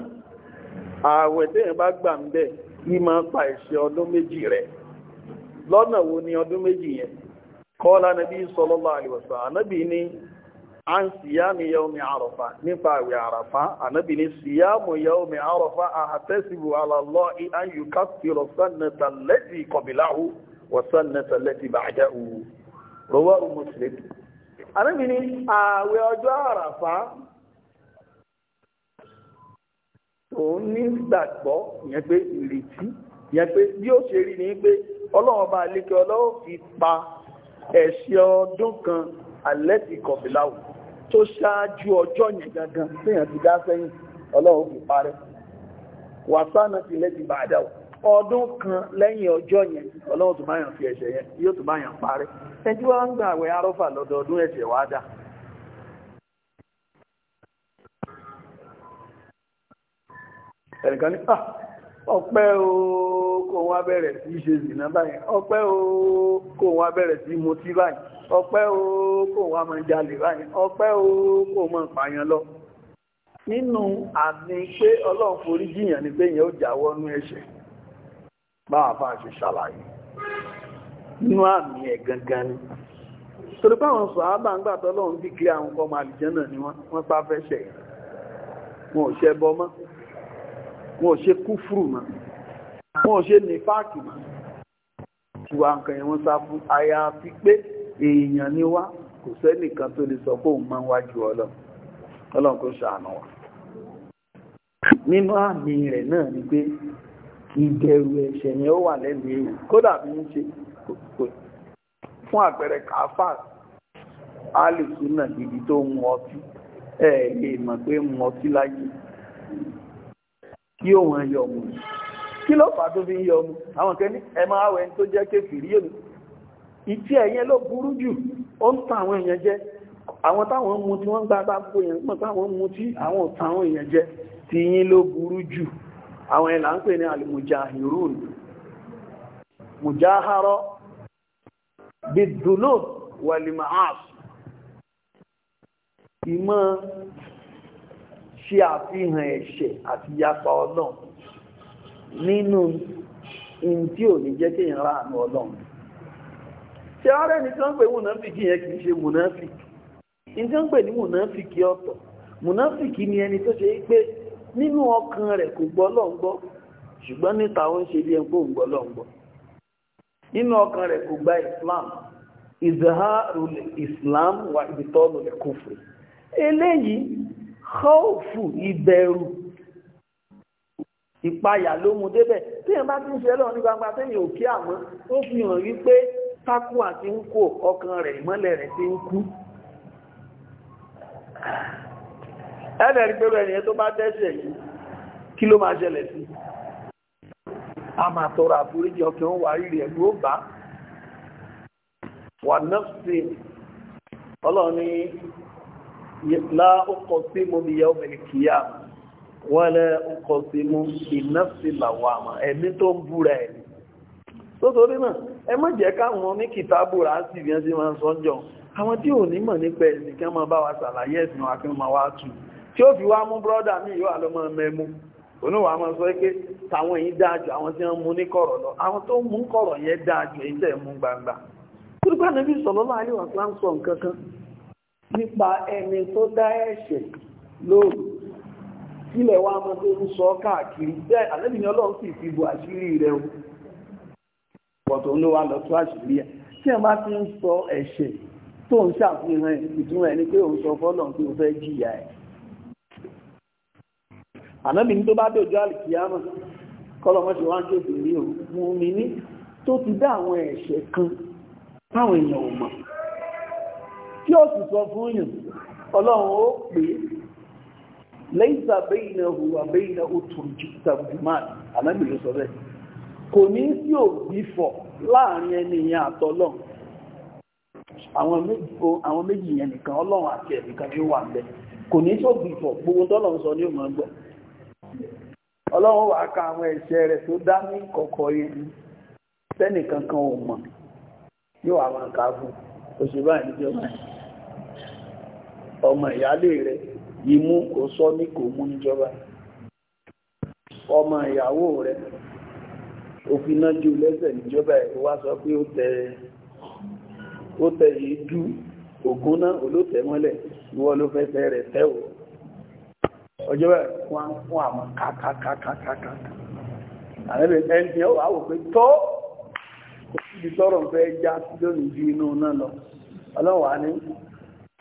ààwẹ̀ tẹ́yìn bá gbà ń bẹ̀ ní máa pa ẹ̀ṣẹ̀ ọdún méjì rẹ̀ lọ́nà wo ni ọdún méjì yẹn kọ́lá nàbí sallallahu alaihi wasallam ànábì ní an siyami yawmi àrọ̀fà nípa àwẹ̀ àràfà ànábì ní siyamu yawmi àrọ̀fà àhàtẹ́sìbò ala Allahi an yukaffiru sannata allati qablahu wa sannata allati ba'dahu rawahu Muslim ànábì ní àwẹ̀ ọjọ́ àràfà òun ní gbàgbọ́ ìyẹn pé ìrètí ìyẹn pé bí ó ṣe rí ni pé ọlọ́run bá lékè ọlọ́run fi pa ẹ̀ṣẹ̀ ọdún kan alẹ́ ti kọ̀bìláwò tó ṣáájú ọjọ́ yẹn gangan téèyàn ti dá sẹ́yìn ọlọ́run fi parẹ́ wàsánà ti lẹ́ti bá dáwọ̀ ọdún kan lẹ́yìn ọjọ́ yẹn ọlọ́run tó yàn fi ẹ̀ṣẹ̀ yẹn yóò tó yàn parẹ́ ẹjú wá ń gbà àwẹ̀ arọ́fà lọ́dọọdún ẹ̀ṣẹ̀ wá dà ah, ọpẹ́ ooo kó wá bẹ̀rẹ̀ sí ṣe zìnà báyìí ọpẹ́ o kó wá bẹ̀rẹ̀ sí mutí báyìí ọpẹ́ o kó wá máa jalè báyìí ọpẹ́ o kó máa pààyàn lọ nínú àmì pé ọlọ́run forí jìyàn ni pé yẹn ó jáwọ́ nú ẹ̀ṣẹ̀ bá àbá ṣe ṣàlàyé nínú àmì ẹ̀ gangan ni torí báwọn sọ àbá ń gbà tọ́lọ́run bí kílé àwọn ọmọ àlìjẹ́nà ni wọ́n pàfẹ́ ṣẹ̀ wọn ò ṣẹbọ mọ́ wọn ò ṣe kúfùrù mọ́ wọn ò ṣe ní fáàkì ìwà nǹkan yẹn wọ́n sá fún àyàfi pé èèyàn ni wá kò sẹ́nìkan tó lè sọ pé òun máa ń wájú ọlọ́ ọlọ́run kò ṣàánú wa nínú àmì rẹ̀ náà ni pé ìbẹ̀rù ẹ̀ṣẹ̀ yẹn ó wà lẹ́nu èèyàn kódà bí ń ṣe fún àpẹẹrẹ kàáfà alìsù náà gidi tó ń mu ọtí ẹ lè mọ̀ pé mu ọtí láyé kí òun ẹyọ mu kí ló fà tó fi ń yọ ọmọ àwọn kẹni ẹ máa wẹ̀ tó jẹ́ kéfìrí èlú ìtí ẹ̀yẹn ló burú jù ó ń tan àwọn èèyàn jẹ àwọn táwọn mú tí wọ́n gbágbá gbogbo èèyàn pọ̀ táwọn mú tí àwọn òtàn àwọn èèyàn jẹ ti yín ló burú jù àwọn ẹ̀là ń pè ní alimujahirun mujaharo bidulo walimahas ìmọ̀ ṣe àfihàn ẹ̀ṣẹ̀ àti yapa ọlọ́run nínú ìntí ò ní jẹ́ kí èèyàn rà àánú ọlọ́run ni tí wọ́n pè mùnáfìkì yẹn kì í ṣe ní tí wọ́n pè ní ọ̀tọ̀ ni ẹni tó ṣe é pé nínú ọkàn rẹ̀ kò gbọ́ ṣùgbọ́n níta ó ń ṣe bí ẹnkó ń gbọ́ nínú ọkàn rẹ̀ kò gba Islam ìzẹ̀hárù Islam wà ìbítọ́nù rẹ̀ eléyìí ìbẹ̀rù ìpayà ló mú débẹ̀ tí èèyàn bá ti ń ṣe lọ́wọ́ ní gbangba tẹ́yìn òkè àwọn ó fi hàn wípé tákù àti ń kó ọkàn rẹ̀ ìmọ́lẹ̀ rẹ̀ ti ń kú ẹ̀rẹ̀ pẹ̀lú ẹ̀nìyàn tó bá dẹ́ṣẹ̀ yìí kí ló máa ṣẹlẹ̀ sí a máa tọrọ àforíjì ọkàn wà rírì ẹ̀lú ó bá wà nọ́ọ̀sì ọlọ́ni la ó kọ sí mo bí ọmọ wala uqsimu binnafsi lawama ẹ̀mí tó ń búra ẹ̀ tó torí náà ẹ má jẹ́ káwọn oníkìtàbù rà sí bí wọ́n ṣe máa ń sọ́jọ́ àwọn tí ò ní mọ̀ nípa ẹ̀sìn kí wọ́n máa bá wa ṣàlàyé ẹ̀sìn wa kí wọ́n máa wá tù tí ó fi wá mú brọ́dà mi yóò àlọ́ máa mẹ́mú oníwà máa sọ pé táwọn èyí dáàjù àwọn tí wọ́n mú ní kọ̀rọ̀ lọ àwọn tó mú kọ̀rọ̀ yẹn dáàjù èyí tẹ̀ mú gbangba Nípa nàbí sọ̀lọ́lá àríwá sọ nǹkan kan nípa ẹni tó dá ẹ̀ṣẹ̀ lóòrùn kílẹ̀ wa mọ́ tó ń sọ káàkiri bẹ́ẹ̀ àlẹ́bí ọlọ́run sì fi bo àṣírí rẹ̀ o pọ̀tọ̀ ló wà lọ tó àṣírí ẹ̀ tí ẹ bá ti ń sọ ẹ̀ṣẹ̀ tó ń ṣàfihàn ìtumọ̀ ẹni pé òun sọ fọ́lọ̀ pé ó fẹ́ jìyà ẹ̀ ànábì ní tó bá dòjọ́ àlìkíyàmọ̀ kọ́lọ́mọ́ṣe wá ń kéde rí o mi ní tó ti dá àwọn ẹ̀ṣẹ̀ kan táwọn èèyàn ò mọ̀ tí ó sì sọ fún yàn ọlọ́run ó pè é lẹ́yìnsà bẹ́yìnà hùwà bẹ́yìnà òtùrùjì tàbùmán anábì ló sọ bẹ́ẹ̀ kò ní sí òbífọ̀ láàrin àwọn méjì nìkan ọlọ́run àti ẹ̀nìkan tí wà bẹ́ẹ̀ kò ní gbogbo ndọrọ ń ni ní ma àwọn ò yóò àwọn àkàfù ọmọ ìyáálé imú kò sọ ní kò mú níjọba ọmọ ìyàwó rẹ̀ òfin náà ju lẹ́sẹ̀ níjọba ẹ̀ wá sọ pé ó tẹ ó tẹ yìí dú ògún náà olóòtẹ́ mọ́lẹ̀ ìwọ ló fẹ́ tẹ rẹ̀ tẹ́wọ̀ ọjọ́ bẹ́ẹ̀ fún àmọ́ kàkàkàkàkàkà àlẹ́bẹ̀ ẹni tí ó pé tó kò síbi ń fẹ́ já lónìí ju inú náà lọ ọlọ́wàá ni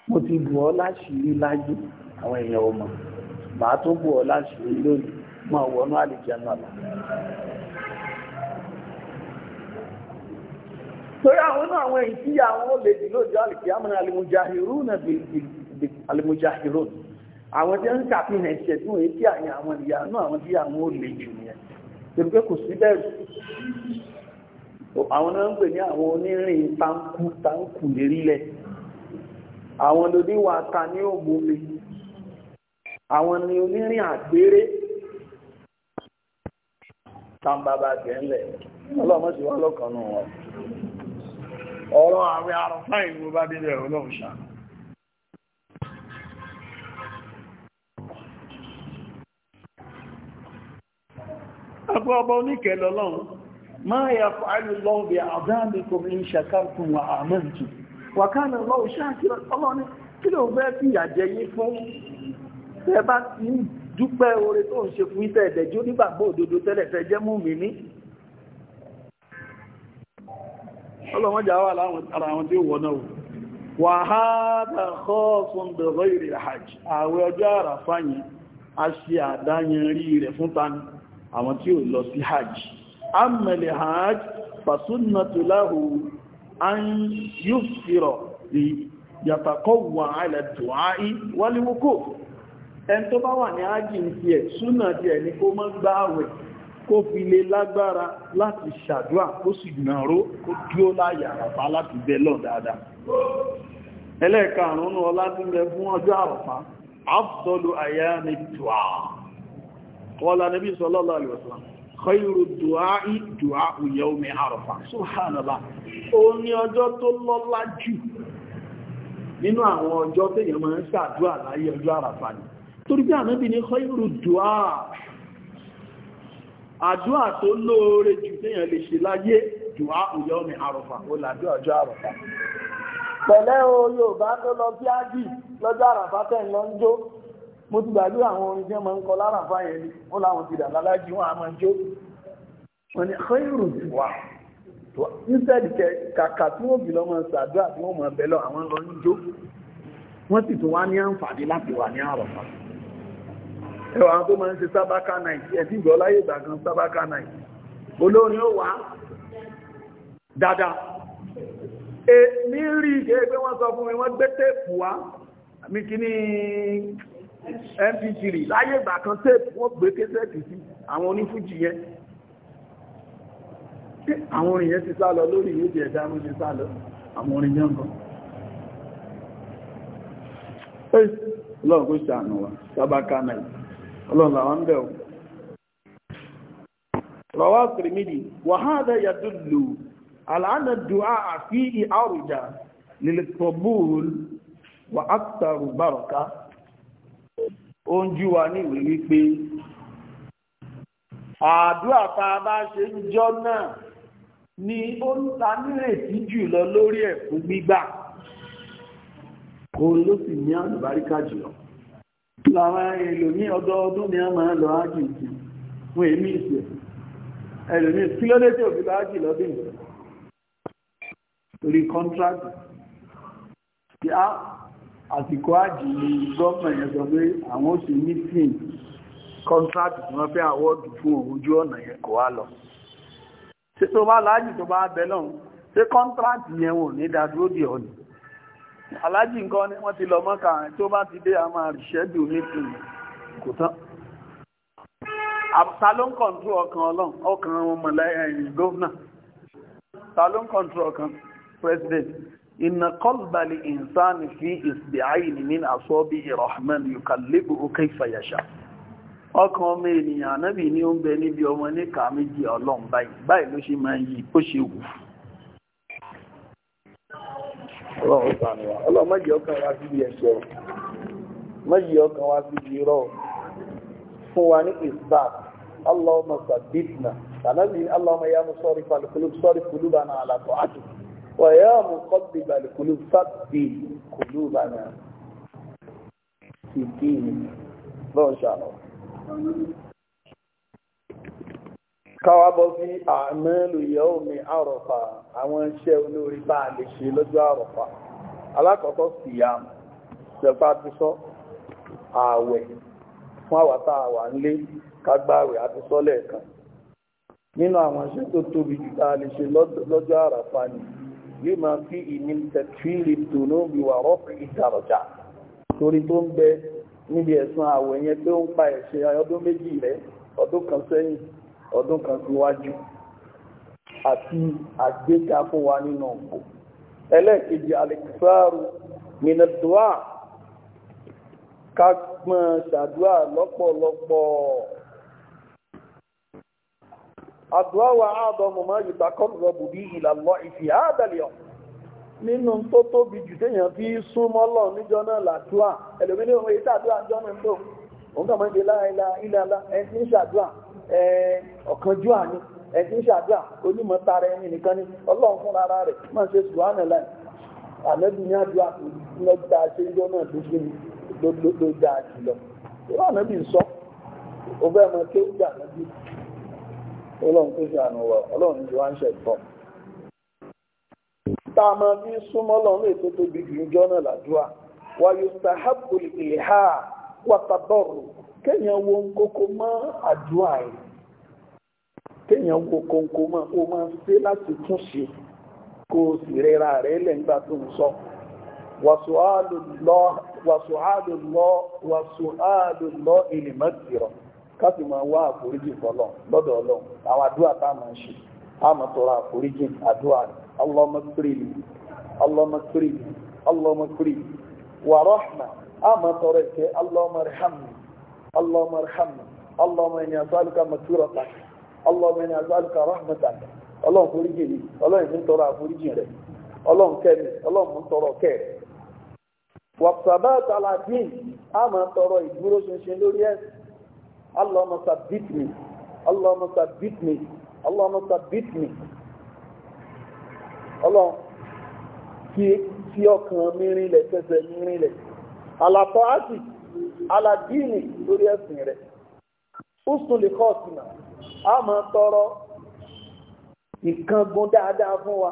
mo ti bù ọ́ láṣìírí lájú àwọn èèyàn ò mọ̀ màá tó bù ọ láti rí lónìí máa wọnú àlìjẹun àlà torí àwọn náà àwọn èyí tí àwọn olè dì lóòjọ́ àlìkìyàmọ̀ alìmùjáhìrú náà alìmùjáhìrú àwọn tí ó ń kàfihàn ẹ̀ṣẹ̀ tí wọ́n tí àyà àwọn ìyà náà àwọn tí àwọn olè jù nìyẹn torí pé kò sí bẹ́ẹ̀ àwọn náà ń pè ní àwọn onírìn táǹkù táǹkù lérílẹ̀ àwọn lòdíwà ta ní ògbómi àwọn ni onírìn àgbéré tàbàbà gẹ̀ẹ́lẹ̀ ọlọ́mọ́sí wá lọ́kànnà wọn ọ̀rọ̀ àwẹ́ àrọ̀fá ìlú bá délẹ̀ ọlọ́ọ̀ṣà agbọ́ ọba oníkẹ̀ẹ́lẹ̀ ọlọ́run máa yà fàálù lọ́wọ́ bí àdáàmìkòm in ṣàkàtùn wà wà kánà lọ́ọ̀ṣà tẹ́ bá ti ń dúpẹ́ oore tó ń ṣe fún ìtẹ́ ẹ̀dẹ̀jú nígbàgbọ́ òdodo tẹ́lẹ̀ fẹ́ jẹ́ mú mi ní ọlọ́mọjà wà lára àwọn tí ó wọ́n náà wà á dàkọ́ fún bẹ̀rọ ìrìn hajj àwẹ̀ ọjọ́ àràfà yẹn a ṣe àdáyẹnrí rẹ̀ fún tani àwọn tí ó lọ sí hajj amẹ̀lẹ̀ hajj fàsúnnàtòláhù an ẹni tó bá wà ní ájì ń tiẹ̀ súnà tiẹ̀ ni kó mọ́ gbààwẹ̀ kó fi lè lágbára láti ṣàdúà kó sì nàró kó dúó láyà àràfà láti bẹ lọ dáadáa ẹlẹ́ẹ̀karùn-ún ọlá tí mẹ fún ọjọ́ àràfà afdalu ayami dùá qala nabi sallallahu alaihi wasallam khairu du'a'i du'a'u yawmi arafa subhanallah ó ní ọjọ́ tó lọ́lá jù nínú àwọn ọjọ́ tẹ́yàn máa ń ṣàdúà láyé ọjọ́ àràfà ni torí bí ànábì ní khairu dùá àdúà tó lóore jù téèyàn lè ṣe láyé dùá òyọ́ mi àrọ̀fà ó làdúà jọ àrọ̀fà pẹ̀lẹ́ o Yorùbá tó lọ sí ájì lọ́jọ́ àràfà tẹ̀ ń lọ ń jó mo ti gbàgbé àwọn orin tí wọ́n ń kọ láràfà yẹn ni ó láwọn ti dàgbà lájí wọn a máa jó wọ́n ní khairu dùá ẹwà àwọn tó máa ń ṣe sábákà náìtì ẹ̀tí ìgbọ́ láyé ìgbà kan sábákà náìtì olórin ó wá dáadáa e ní rí ìgbé pé wọ́n sọ fún mi wọ́n gbé téèpù wá mi kí ní mp3 láyé ìgbà kan téèpù wọ́n gbé késẹ́ẹ̀tì sí àwọn onífújì yẹn àwọn orin yẹn ti sá lọ lórí ìwé ìjẹ̀dá ló ti sá lọ àwọn orin yẹn gan lọ́rùn kó ṣàánú wa sábákà náìtì ọlọ́run làwọn ń bẹ̀ ọ́ rọwá tìrìmìdì wàhádà yàdùlù àlànà dùá àfi ìhàrùjà lílẹ̀ pọ̀bùl wà áktàrù bàrọ̀ká ó ń jú wa ní ìwé wípé àdúrà tá bá ṣe ń jọ náà ni ó ń ta nírètí jùlọ lórí ẹ̀kún gbígbà òun ló sì ní àlùbáríkà jùlọ láwọn ẹlòmí ọdọọdún ni a máa lọ ájì jù fún èmì ìsẹ̀ ẹlòmí kí ló dé tí òfin bá ájì lọ́dún torí kọ́ntrákì tí a àsìkò ájì ni gọ́ọ̀mù yẹn sọ pé àwọn òṣè mítìn kọ́ntrákì tí wọ́n fẹ́ àwọ́dù fún ojú ọ̀nà yẹn kò wá lọ ṣe tó bá láàjì tó bá bẹ́ lọ́hùn ṣe kọ́ntrákì yẹn wò ní dádúró dì ọ̀nà alájì nǹkan ni wọ́n ti lọ mọ́ka tó bá ti dé a máa ṣẹ́dù mítìn kò tán ta ló ń kọ̀ǹtró ọkàn ọlọ́run ọkàn mọ̀lẹ́yìn gómìnà ta ló ń kọ̀ǹtró ọkàn president inna qalbali insani fi isbi'aini min asobi irahman yukallibu kayfa yasha ọkàn ọmọ ènìyàn ànábì ni ó ń bẹ níbi ọmọ níka méjì ọlọ́run báyìí báyìí ló ṣe máa ń yí ó ṣe wù fún ọlọ́run sàmì wa ọlọ́run má jẹ́ ọkàn wa síbi ẹ̀ṣẹ̀ o má jẹ́ ọkàn wa síbi irọ́ o fún wa ní isbat allahumma sabbitna sànàbí allahumma ya musarrif al-qulub sarrif káwá bọ́ sí àmẹ́lù yẹ́wò mi àrọ̀fà àwọn iṣẹ́ olórí bá a lè ṣe lọ́jọ́ àrọ̀fà alákọ̀ọ́kọ́ síyàm ṣẹ̀fà ti sọ ààwẹ̀ fún àwàtà àwà ńlé kágbààwẹ̀ àti sọ lẹ́ẹ̀kan nínú àwọn iṣẹ́ tó tóbi jù tá a lè ṣe lọ́jọ́ àràfà ni yóò máa fi ìní tẹ̀kírì dùnú bí wà rọ́pì ìdàrọ̀jà torí tó ń bẹ níbi ẹ̀sùn ààwẹ̀ yẹn pé ó ń pa ẹ̀ṣẹ̀ ọdún méjì rẹ̀ ọdún kan sẹ́yìn ọdún kan síwájú àti àgbéga fún wa nínú ọ̀pọ̀ ẹlẹ́ẹ̀kejì alẹ́kìsáàrù mìnàdùá kágbọ́n ṣàdúà lọ́pọ̀lọpọ̀ àdúà wa àádọ́mù máa yìí takọ́rọ̀bù bí ìlàlọ́ ìfì àádàlẹ̀ nínú tó tóbi jù téèyàn fi súnmọ́ lọ níjọ́ náà làdúà ẹlòmínú ìwé ìtàdúà jọ́nà ń bò òun kà máa ń ṣe láìláìlá ẹni ṣàdúà ọ̀kanjúà ni ẹ̀tí ń ṣàdúrà onímọ̀ tara ẹni nìkan ọlọ́run fún ara rẹ̀ máa ṣe láì àmẹ́bí ní àdúrà lọ́gbà ṣe ń náà tó ṣe ló dáa jùlọ ìwọ àmẹ́bí sọ ó mọ kí ó ọlọ́run tó ṣe àná wọ ọlọ́run wá ń tá a máa fi súnmọ́ wàtàbọ̀rù kéèyàn wo kókó mọ́ àdúrà ẹ̀ kéèyàn wo kókó mọ́ kó máa ṣe láti tún ṣe kó o sì rẹra rẹ lẹ́gbà tó ń sọ wàsùhálùlọ́ ìlìmọ́tìrọ̀ káfí máa wá àforíjì fọlọ́ lọ́dọ̀ ọlọ́run àwọn àdúrà tá a máa ṣe a máa tọrọ àforíjì àdúrà rẹ̀ ọlọ́mọkiri ọlọ́mọkiri ọlọ́mọkiri wàrọ́hùnà àmọ́ tọrọ ìkẹ́ Allahumma irhamni Allahumma irhamni Allahumma inni as'aluka maghfiratan Allahumma inni as'aluka rahmatan ọlọ́run foríjì mi ọlọ́run mi ń tọrọ àforíjì rẹ̀ ọlọ́run kẹ́mi ọlọ́run mi ń tọrọ kẹ́ rẹ̀. wàtàbá taladin àmọ́ tọrọ ìdúró ṣinṣin lórí ẹ̀sìn Allahumma sabbitni Allahumma sabbitni Allahumma sabbitni ọlọ́run fi ọkàn mi rinlẹ̀ fẹsẹ̀ mi rinlẹ̀ àlàfo àti aládìní lórí ẹ̀sìn rẹ̀ ó sùn lè kọ́ ọ̀sìnà a máa tọrọ ìkángun dáadáa fún wa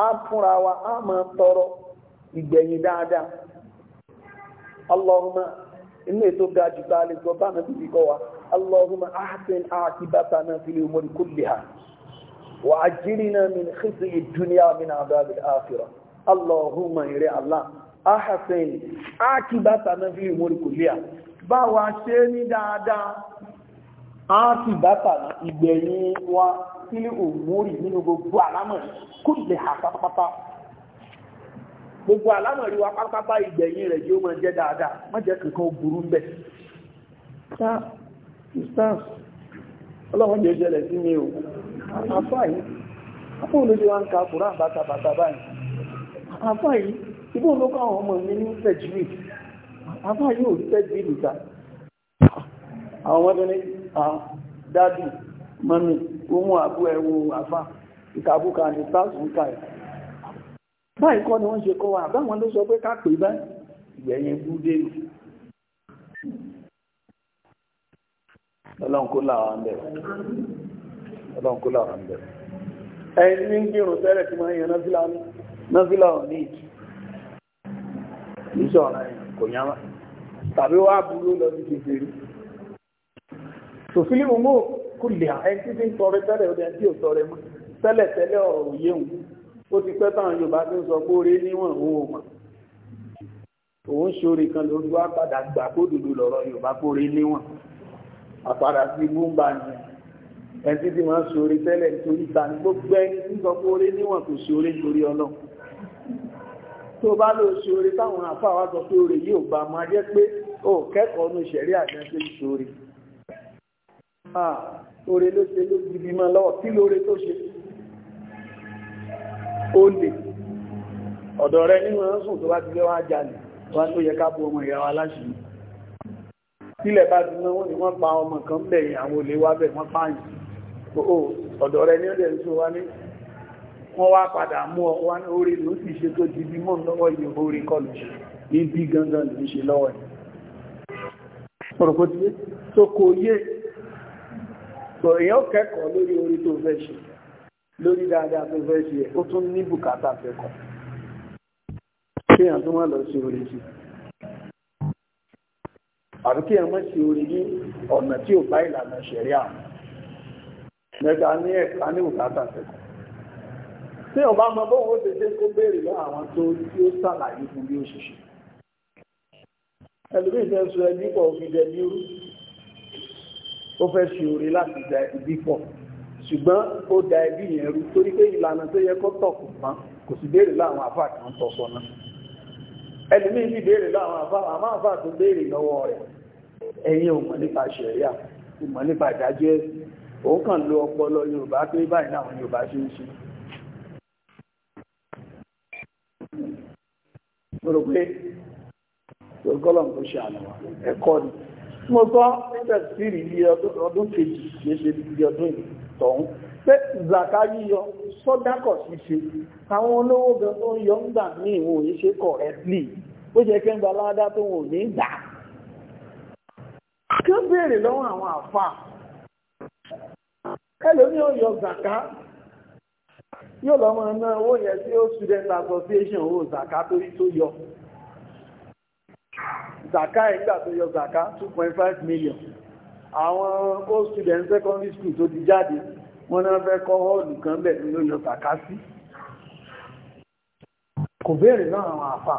a fúnra wa a máa tọrọ ìgbẹ̀yìn dáadáa Allahumma inú ètò ga jù tá a lè sọ bá nàbí kíkọ́ wa Allahumma ahsin aqibatana fil umuri kulliha wa ajirna min khizyi dunya min adhabil akhirah Allahumma ìrẹ́ Allah ahasen akibata náà fi ìmúrí kò lè wa ṣe ní dáadáa akibata ìgbẹ̀yìn wa kili òmúrí nínú gbogbo àlámọ̀rí kó lè hà gbogbo wa ìgbẹ̀yìn rẹ̀ yóò ma jẹ́ dáadáa má jẹ́ kankan burú ibò ló bá àwọn ọmọ mi ní tẹ̀jìrì àbá yóò tẹ̀jìrì ta àwọn ọmọdé ní dádì mọ́mí ohun àbú ẹwọ àfá ìkàbùkà ní sáàsùnkà ẹ̀ báyìí kọ́ ni wọ́n ṣe kọ́ wa àbáwọn ló sọ pé ká pè báyìí ń yẹn náfílà ní náfílà ìṣọ́ ọ̀rọ̀ kò yánwá tàbí wá burú lọ sí kékeré tò fílímù mú kú lè ẹni tí ń tọrẹ tẹ́lẹ̀ ọdẹ tí ò tọrẹ mọ́ tẹ́lẹ̀ tẹ́lẹ̀ ọ̀rọ̀ òye hùn ó ti pẹ́ táwọn Yorùbá ti ń sọ pé orí níwọ̀n òun ò mọ̀ òun ṣoore kan lórí wá padà gbà kó dùdú lọ́rọ̀ Yorùbá kó orí níwọ̀n àpàdà sí búmbà yẹn ẹni tí ti máa ń ṣoore tẹ́lẹ̀ nítorí ta ni gbogbo ẹni tí ń sọ pé orí níwọ̀n kò ṣoore nítorí Ọlọ́run tó bá lò ṣe orí táwọn àfáà wá sọ pé orí yìí ò bá máa jẹ́ pé ó kẹ́kọ̀ọ́ ní ìṣẹ̀rí àjẹ́ tó ń ṣe orí orí ló ṣe ló gidi mọ́ lọ́wọ́ kí lóore tó ṣe ó lè ọ̀dọ̀ rẹ nínú ọ̀rán sùn tó bá ti lẹ́wọ́n ajalè wá tó yẹ ká bú ọmọ ìyá wa láṣìí sílẹ̀ bá ti náwó ni wọ́n pa ọmọ kan bẹ̀yìn àwọn olè wá bẹ̀ wọ́n pààyàn ọ̀dọ̀ rẹ ní ọ̀dẹ̀ ń sọ wá ní wọ́n wá padà mú ọ wá ní orí ló sì ṣe tó ti bí mọ́ lọ́wọ́ yìí orí kọlù ṣe ní bí gangan lè ṣe lọ́wọ́ ẹ̀ pọ̀rọ̀kọ́tíyé tó kò yé tó èyàn kẹ́kọ̀ọ́ lórí orí tó fẹ́ ṣe lórí dáadáa tó fẹ́ ṣe ó tún ní bùkátà fẹ́kọ̀ọ́ kí èyàn tó má lọ sí orí sí àbí kí èyàn má sí orí mẹ́ta ní ẹ̀ka ní bùkátà fẹ́kọ̀ọ́ tí ọba mọ bóun ó ṣe ṣe kó béèrè lọ àwọn tó tí ó ṣàlàyé fún bí ó ṣe ṣe ẹlòmíì fẹ́ sọ ẹbí pọ̀ òfin jẹ ní irú ó fẹ́ ṣe òre láti da ẹbí pọ̀ ṣùgbọ́n ó da ẹbí yẹn rú torí pé ìlànà tó yẹ kó tọ̀ kò pọ́n kò sì béèrè láwọn àfà kan tọ̀ sọ́nà ẹlòmíì sì béèrè láwọn àfà àmọ́ àfà tó béèrè lọ́wọ́ rẹ̀ ẹ̀yin ò mọ̀ nípa ṣẹ̀ríà ò mọ̀ nípa ìdájọ́ ẹ̀sìn òun kàn lo ọpọlọ Yorùbá pé báyìí náà Yorùbá ṣe ń ṣe rò pé gọ́lọ̀n kò ṣe àná ẹ̀kọ́ ni mo sọ nígbà tí bí ọdún kejì kìí ṣe bí ọdún tọ̀hún pé zaka yíyọ sọ́dákọ̀ ṣíṣe àwọn olówó gan tó ń yọ ń gbà ní ìwọ̀n òye ṣe kọ̀ ó jẹ́ kí ń gba tó ní kí ó béèrè yóò lọ́mọ náà owó yẹn sí ó student association owó zaka tó rí tó yọ zaka ìgbà tó yọ zaka 2.5 million àwọn old student secondary school tó ti jáde wọ́n náà fẹ́ kọ́ hall kan bẹ̀ ló yọ zaka sí kò béèrè náà àwọn àfà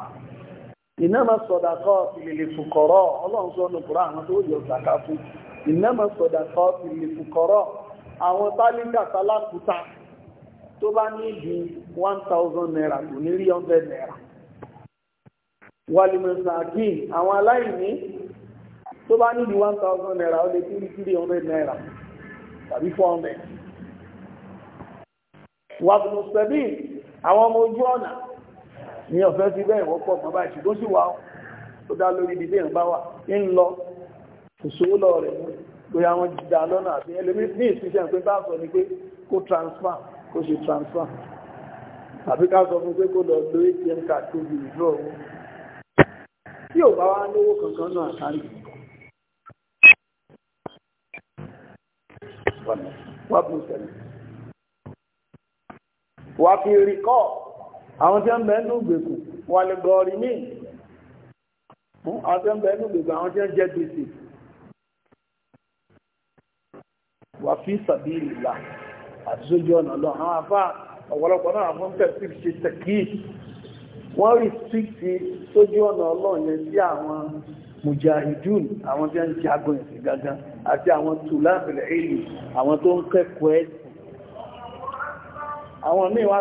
ìnáma sọ̀dàkọ́ ìlèlè fùkọ̀rọ̀ ọlọ́run sọ ọ́nà kúrò àwọn tó yọ zaka fún ìnáma sọ̀dàkọ́ ìlèlè fùkọ̀rọ̀ àwọn tálíkà tálákùúta tó bá ní ìdí one thousand naira kò ní rí hundred naira wàlìmọ̀sàkì àwọn aláìní tó bá ní ìdí one thousand naira ó lè kí ní three hundred naira tàbí four hundred wàbùnùsẹ̀bí àwọn ọmọ ojú ọ̀nà ní ọ̀fẹ́ ti bẹ́ẹ̀ wọ́pọ̀ mọ́ báyìí ṣùgbọ́n sì wà ó dá lórí ibi bẹ́ẹ̀ bá wà ń lọ ìṣòwò lọ rẹ̀ bóyá wọ́n dá lọ́nà àti ẹlẹ́mí ní ìṣiṣẹ́ pé bá sọ ni pé kó transfer kó ṣe transfer tàbí ká sọ fún pé kó lọ lo atm card tó di ìlú ọ̀hún tí ò bá wá lówó kankan náà kárí. wà fi rí kọ́ àwọn tí wọ́n bẹ̀ nù gbèkù wà lè gọ̀ọ́rì mí àwọn tí wọ́n bẹ̀ nù gbèkù àwọn tí wọ́n jẹ́ gbèsè wà fi sàbí ìlà àti sójú ọ̀nà lọ àwọn afá ọ̀pọ̀lọpọ̀ náà fún tẹ̀sí ṣe tẹ̀kí wọ́n rí síkì sójú ọ̀nà ọlọ́run sí àwọn mujahidun àwọn tí a ń ti agbóyìn sí gangan àti àwọn tùláàbìlẹ̀ èlì àwọn tó ń kẹ́kọ̀ọ́ ẹ̀sìn àwọn míì wá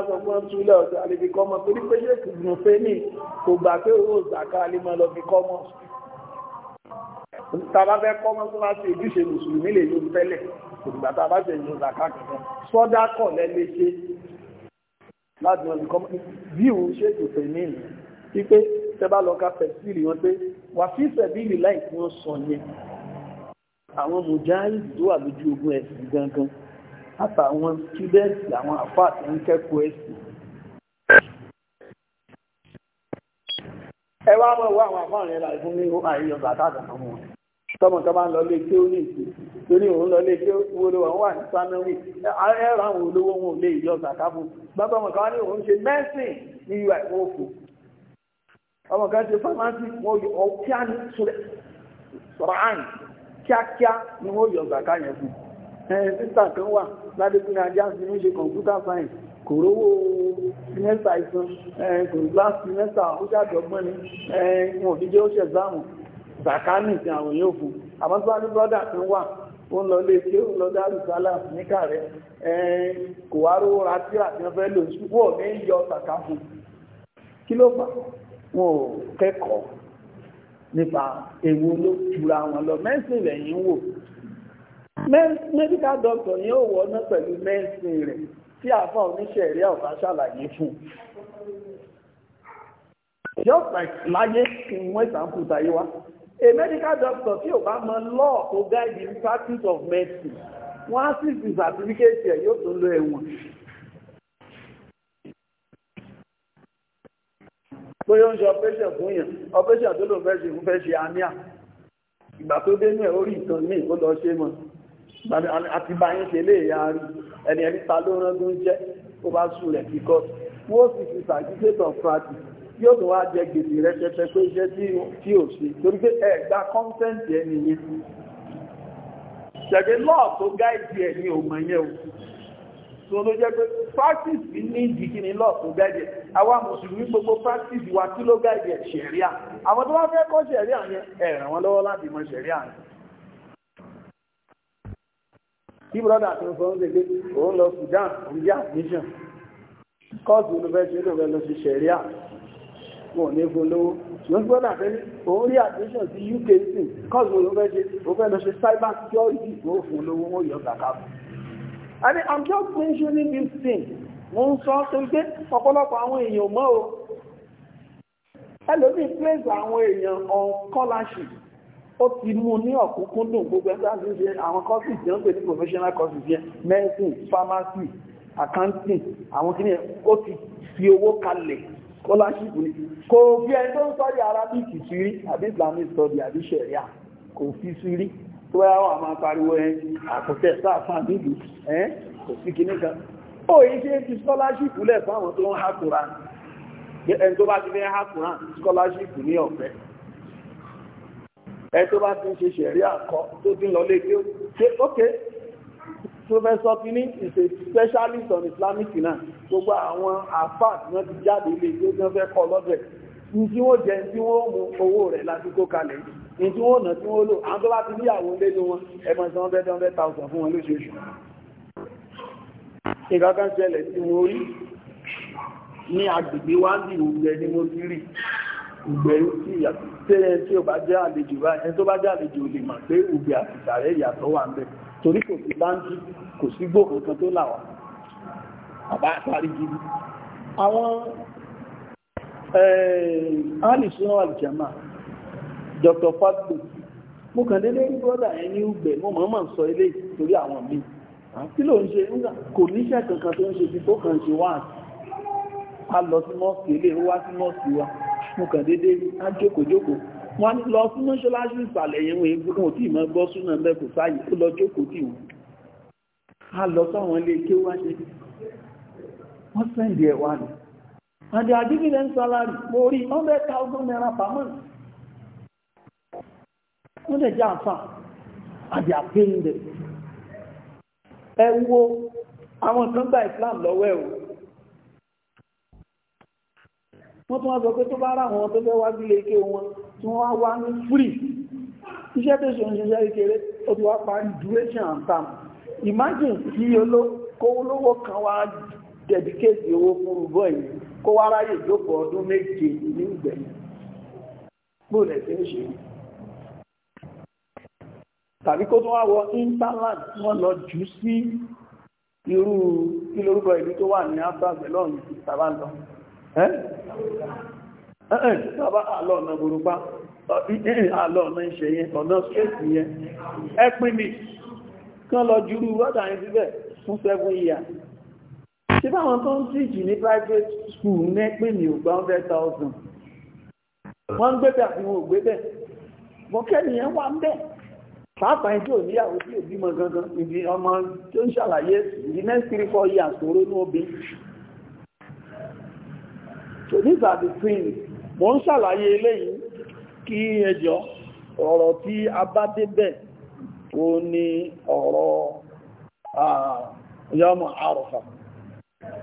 tàbá fẹ́ kọ́ mọ́sálásí ojúṣe mùsùlùmí lè ló tẹ́lẹ̀ ìgbà tàbá ṣe yóò zàká kankan sọ́dá kọ̀ lẹ́lẹ́ ṣe láti wọn nìkan bíu ṣe tòfè ní ìlú wípé tẹ bá lọ ka fẹsíìlì wọn pé wà fí sẹ̀bíìlì láì tí wọ́n sọ yẹn àwọn mùjáhìdì tó wà lójú ogun ẹ̀sìn gangan àtàwọn túdẹ́ǹtì àwọn àfáà tó ń kẹ́kọ̀ọ́ ẹ̀sìn ẹ wá mọ̀ wá àwọn àfáà rẹ̀ láì fún ní àìyọ̀ bàtà àtàwọn wọn tọmọ tọmọ ń lọ lé kí ó ní ìsìn torí òun lọ lé kí owó ló wà wà ní sanwó ẹ̀rọ àwọn olówó wọn ò lè yọ sàkáfù bàbá ọmọ kan wá ní òun ṣe mẹ́sìn ní ui wọn fò ọmọ kan ṣe fámásì wọn yọ ọkíá ní sọ̀rọ̀ sọ̀rọ̀ àn kíákíá ni wọn yọ sàká yẹn fún ẹ sísà kan wà ládékùnrin ajá sí ní ṣe kọ̀ǹpútà sáyẹ̀nsì kò rówó sinẹ́sà ìsan kò gbá sinẹ́sà ó ṣàdọ̀gbọ́n ni wọn ò ní jẹ́ ó ṣẹ̀záàmù zakani ti àwọn yóò fún àmọ́ tí wọ́n ní brọ́dà tó wà ó ń lọ lé tí ó ń lọ dárú sálà níkà rẹ̀ kò wá rówó ra tíra tí wọ́n fẹ́ lò ṣùgbọ́n ò ní yọ zaka fún kí ló fà wọn ò kẹ́kọ̀ọ́ nípa ewu ló jura wọn lọ mẹ́sìn lẹ́yìn wò medical doctor yẹn ò wọná pẹ̀lú mẹ́sìn rẹ̀ tí àfà oníṣẹ́ ìrẹ́ ọ̀fà ṣàlàyé fún just like láyé kí n wọ́n ìsànkú tayé wá a medical doctor tí ò bá mọ law to guide the practice of medicine wọ́n á sì fi certificate ẹ̀ yóò tún lọ ẹ̀wọ̀n. bóyá ó ń ṣe operation fún yàn operation tó lò fẹ́ ṣe fún fẹ́ ṣe hernia ìgbà tó dé ní ẹ̀ orí ìtàn míì ó lọ ṣe mọ́ àti bá yín ṣe lè ya rí ẹni ẹni ta ló rán tó ń jẹ́ ó bá sùn rẹ̀ kíkọ́ wọ́n sì fi certificate of practice yóò tó wá jẹ gbèsè rẹpẹtẹ pé iṣẹ́ tí ò ṣe torí pé ẹ gba kọ́ńtẹ́ǹtì ẹni yẹn ṣẹ̀dẹ̀ lọ́ọ̀ tó gáìdì ẹ̀ ní òmọ̀ yẹn o tó ló jẹ́ pé practice ní ìdíkí ni lọ́ọ̀ tó gáìdì ẹ̀ mùsùlùmí gbogbo practice wa kí ló gáìdì ẹ̀ ṣẹ̀ríà àwọn tó wá fẹ́ kọ́ ṣẹ̀ríà yẹn ẹ ràn wọ́n lọ́wọ́ láti mọ ṣẹ̀ríà yẹn tí brọ́dà tó ń sọ ń gbé òun lọ Sudan òun jẹ́ admission kọ́ọ̀tù olùfẹ́ ṣe ló fẹ́ lọ sí ṣẹ̀ríà wọn ní fún lówó ṣùgbọ́n tí wọ́n fẹ́ ní òun rí admission sí UK sí kọ́sùn ló fẹ́ ṣe ó fẹ́ lọ ṣe cyber security ó fún lówó wọn I mean I'm just mentioning this thing mo ń sọ tó gbé ọ̀pọ̀lọpọ̀ àwọn èèyàn mọ́ o ẹlòmíì place àwọn èèyàn on scholarship ó ti mú ní ọ̀kúnkúndùn gbogbo ẹgbẹ́ àti ṣe àwọn courses tí ó ń pè ní professional courses yẹn medicine pharmacy accounting àwọn kìíní ó ti fi owó kalẹ̀ scholarship ni kò fi ẹni tó ń sọ́dí arabic sí rí àbí islamic study àbí sharia kò fi sí rí tó wáyé àwọn àmà pariwo ẹ àkọsẹ̀ sáàfàn nílùú ẹ kò sí kinní kan ó yí ṣe ti scholarship lẹ̀ fún àwọn tó ń ha Quran ẹni tó bá ti fẹ́ ha Quran scholarship ní ọ̀fẹ́ ẹni tó bá ti ń ṣe sharia kọ́ tó ti lọ lé kí e ó ṣe ókè Professor Kini is a specialist on Islamic finance. Gbogbo àwọn àfáà tí wọ́n ti jáde ilé tí ó jẹ́ fẹ́ kọ́ lọ́dẹ̀. Ní tí wọ́n jẹ tí wọ́n mú owó rẹ̀ láti kó kalẹ̀. Ní tí wọ́n nà tí wọ́n lò, àwọn tó bá ti níyàwó lé ní wọn, ẹgbẹ́ tí wọ́n bẹ́ẹ̀ dán bẹ́ẹ̀ thousand fún wọn lóṣooṣù. Nǹkan kan ṣẹlẹ̀ tí mo rí ní agbègbè wá ní ìwògbẹ̀ ni mo ti rí ìgbẹ̀ tí ìyàtọ̀ tẹ́lẹ̀ tí ó bá jẹ́ àlejò bá ẹni tó bá jẹ́ àlejò lè mà pé ògbẹ̀ àti ìsàrẹ́ ìyàtọ̀ wà ń bẹ̀rẹ̀ torí kò sí báńkì kò sí gbòòrùn kan tó làwà àbá àtàrí gidi àwọn eh, alìsúná àlìjàmà Dr. Fagbo mo kàn délé ní brọ́dà yẹn ní ugbẹ̀ mo mọ̀ mọ̀ sọ ilé torí àwọn míì kí ló ń ṣe nígbà kò níṣẹ́ kankan tó ń ṣe tí tó kàn ṣe wá a lọ sí mọ́ọ̀sì ilé wá sí mọ́ọ̀sì wa mo kàn déédéé á jókòó jókòó wọ́n ní lọ sí mọ́ṣáláṣí ìsàlẹ̀ yẹn wọ́n egbó wọn tí ìmọ̀ gbọ́ súnà ń bẹ́ kò sáyé ó lọ jókòó tì wọ́n a lọ sáwọn ilé kí wá ṣe wọ́n sẹ́ndì ẹ̀ wá ní and their dividend salary mo rí hundred thousand naira per month wọ́n lè jẹ́ àǹfà and they are paying them ẹ wo àwọn kan gba Islam lọ́wọ́ ẹ̀ wọ́n wọ́n tún wá sọ pé tó bá ráwọn tó fẹ́ wá sí ilé ike wọn tí wọ́n wá ní free iṣẹ́ tó ṣe ń ṣiṣẹ́ ìkéré ó ti wá parí duration and term imagine kí olówó kan wá dedicate owó fún rúbọ yìí kó wá ráyè jókòó ọdún méje ní ìgbẹ̀yìn bóòlẹ̀ tí ń ṣe tàbí kó tún wá wọ interland wọ́n lọ jù sí irú kí lórúkọ ìlú tó wà ní abúlé lọ́nà ìtàbá lọ́nà ẹ́n sábà àlọ́ ọ̀nà burúkú àlọ́ ọ̀nà ìṣẹ́ yẹn ọ̀nà straight yẹn ẹ pín mi kán lọ jùrú rọ́dà yẹn síbẹ̀ fún seven years ṣe báwọn tó ń tíjì ní private school ní pín mi ò gba hundred thousand wọ́n ń gbé bẹ̀ àti wọn ò gbé bẹ̀ mọ̀kẹ́ni yẹn wà ń bẹ̀ pàápàá ẹjọ́ òníyàwó tí òbí mọ̀ gangan ìbí ọmọ tó ń ṣàlàyé the next three four years tó rónú obìnrin so these are the things mo ń ṣàlàyé eléyìí kí ẹjọ́ ọ̀rọ̀ tí a bá débẹ̀ ó ní ọ̀rọ̀ yọmọ àrùfà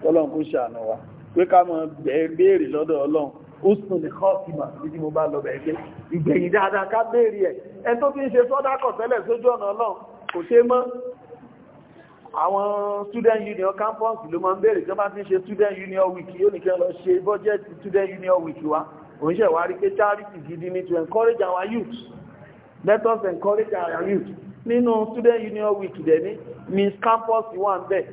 ọlọ́run kó ṣàánú wa pé ká mọ̀ bẹ̀ẹ̀bẹ̀ẹ̀rẹ̀ lọ́dọ̀ ọlọ́run ó sùn ní kọ́ọ̀tìmà títí mo bá lọ bẹ̀ẹ̀gbẹ́ ìgbẹ̀yìn dáadáa ká bẹ̀ẹ̀rẹ̀ ẹ̀ ẹni tó fi ń ṣe sọ́dákọ̀ tẹ́lẹ̀ sójú ọ̀nà àwọn student union campus ló máa ń béèrè tí wọ́n bá ti ṣe student union week yóò ní kí wọ́n lọ ṣe budget student union week wa òun ṣe wárí pé charity gidi ni to encourage our youth let us encourage our youth nínú student union week dẹ̀ ní miss campus wà ń bẹ̀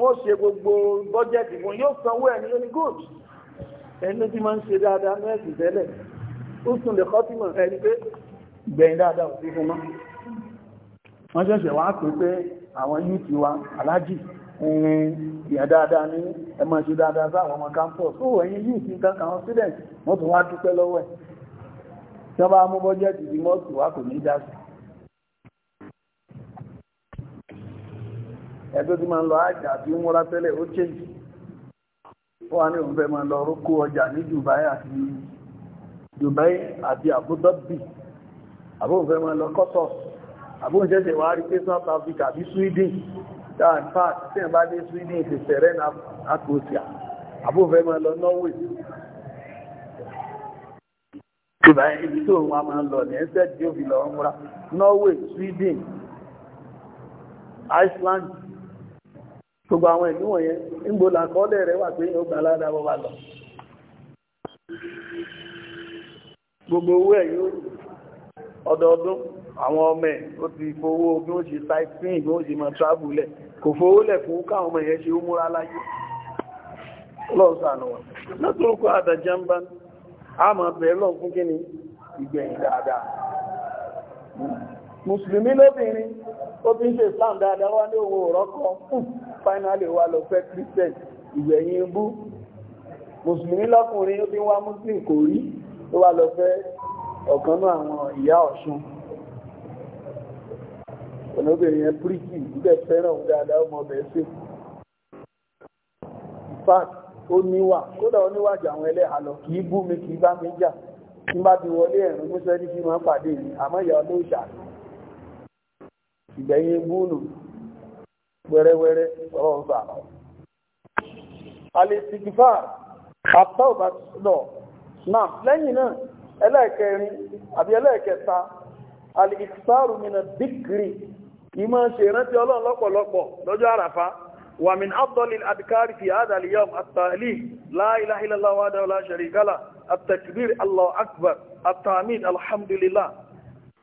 wọ́n ṣe gbogbo budget wọn yóò sanwó ẹni lóní good ẹni tí máa ń ṣe dáadáa ní ẹ̀sìn tẹ́lẹ̀ ó sùn lè kọ́ tí mọ̀ ẹni pé gbẹ̀yìn dáadáa ò sí fún mọ́ wọ́n ṣẹ̀ṣẹ̀ wá pé pé àwọn yúùtì wa aláàjì ìyà dáadáa ní ẹ máa ṣe dáadáa sáwọn ọmọ campus ó ẹ̀yìn yúùtì nǹkan kan student wọ́n tún wá dúpẹ́ lọ́wọ́ ẹ̀ tí wọ́n bá mú bọ́jẹ́tì bí mọ́ọ̀tì wa kò ní dá sí ẹgbẹ́ tí máa ń lọ àjà tí ó múra tẹ́lẹ̀ ó change ó wà ní òun fẹ́ máa lọ rókó Dubai àti Dubai àti Abu Dhabi àbóhùn fẹ́ máa lọ kọ́tọ̀ọ̀sì àbúnṣẹ́ṣẹ̀ wà rí pé South Africa bí Sweden down fast tí ẹ̀ bá dé Sweden ti sẹ̀rẹ́n àkóṣíà àbúnfẹ́ máa lọ Norway ìgbà ibi tó wọn máa lọ ní ẹsẹ̀ tí ó fi lọ múra Norway Sweden Iceland gbogbo àwọn ìlú wọ̀nyẹn ń gbọ́lá kọ́lẹ̀ rẹ̀ wà pé yóò gbà ládàá bọ́ bá lọ gbogbo owó ẹ̀ ọdọọdún àwọn ọmọ ẹ̀ ó ti fowó bí ó ṣe sightseeing bí ó ṣe mọ̀ travel lẹ̀ kò fowó lẹ̀ fún káwọn ọmọ yẹn ṣe ó múra láyé lọ́sànù wọn lọ́tọ́rọkọ́ àtàjàmbá a máa bẹ̀rẹ̀ lọ fún kí ni ìgbẹ̀yìn dáadáa mùsùlùmí lóbìnrin ó bí ń ṣe islam dáadáa hmm, wá ní owó òrọ́kọ́ fún finally wà lọ fẹ́ christian ìgbẹ̀yìn bú mùsùlùmí lọ́kùnrin ó bí wá muslim kò rí ó wà lọ fẹ́ ọ̀kanú àwọn ìyá ọ̀ṣun ọ̀nà obìnrin yẹn bíríkì ìbẹ̀ fẹ́ràn òun dáadáa ọmọ ọbẹ̀ ṣe fact ó níwà kódà ó níwà jà àwọn ẹlẹ́hà lọ kìí bú mi kìí bá mi jà tí bá ti wọlé ẹ̀rùn mú sẹ́ni kí máa pàdé mi àmọ́ ìyá ọdún ìṣà ìgbẹ̀yìn búùnù wẹ́rẹ́wẹ́rẹ́ ọ̀rọ̀ ọ̀gbà alẹ́sìkìfà àtọ́ ọ̀bà lọ náà lẹ́yìn náà ẹlẹ́ẹ̀kẹrin àbí ẹlẹ́ẹ̀kẹta alẹ́sìkìfà rùmìnà dìgírì ìmọ̀ ṣe ìrántí ọlọ́run lọ́pọ̀lọpọ̀ lọ́jọ́ àràfá wà min afdalil adkari fi hadha al-yawm at-tahlil la ilaha illallah wahdahu la sharika lah at-takbir allahu akbar at-tahmid alhamdulillah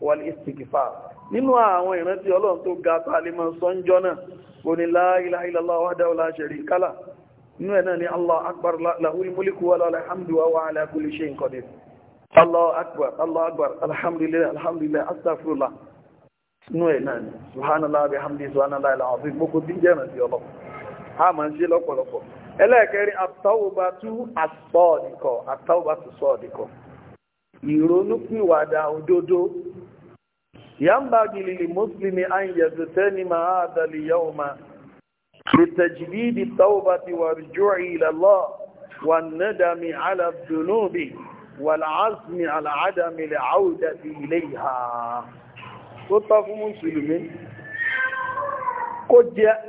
wal istighfar nínú àwọn ìrántí ọlọ́run tó ga tá a lè mọ sọ́njọ́ náà kò ní la ilaha illallah wahdahu la sharika lah nínú ẹ̀ náà ni allahu akbar lahul mulku wa lahul hamdu wa ala kulli shay'in qadir allahu akbar allahu akbar alhamdulillah alhamdulillah inú ẹ̀ náà ni subhanallah bihamdi subhanallah alazim gbogbo bí jẹ́ràn sí ọlọ́ a máa ń ṣe lọ́pọ̀lọpọ̀ ẹlẹ́ẹ̀kẹrin àtàwọ̀bátú àsọ̀ọ̀dìkọ̀ àtàwọ̀bátú sọ̀ọ̀dìkọ̀ ìrònúpìwàdà òdodo yambagi lili muslimi an yazutani ma hadha li yawma bi tajdid at-tawbati wa rujui ila Allah wa an-nadami ala dhunubi wal azmi ala adami li'audati ilayha tó tọ́ fún mùsùlùmí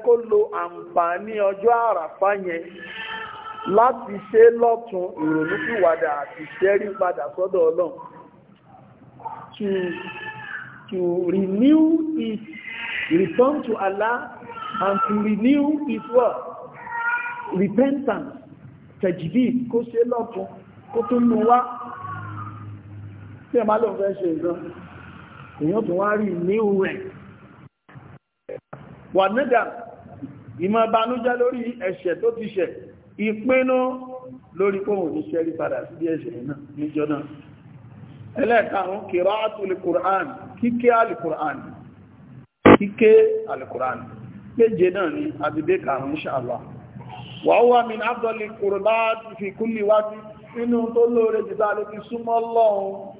kó lo àǹfààní ọjọ́ àràfá yẹn láti ṣe lọ́tún ìrònúpìwàdà àti ṣẹ́rí padà sọ́dọ̀ ọlọ́run to to renew his return to Allah and to renew his work repentance tajidid kó ṣe lọ́tún kó tún mú wá tí ẹ má lọ fẹ́ ṣe ìran èyàn tó wá rí ní rẹ̀ wà nídà ìmọ̀ banújẹ́ lórí ẹ̀ṣẹ̀ tó ti ṣẹ̀ ìpinnu lórí kóhùn ní ṣẹ́rí padà sí bí ẹ̀ṣẹ̀ náà níjọ́ náà ẹlẹ́ẹ̀karùn qira'atul Qur'an kíké alìkùrán kíké alìkùrán méje náà ni àbìdé karùn insha Allah wa huwa min afdalil qurbati fi fi súnmọ́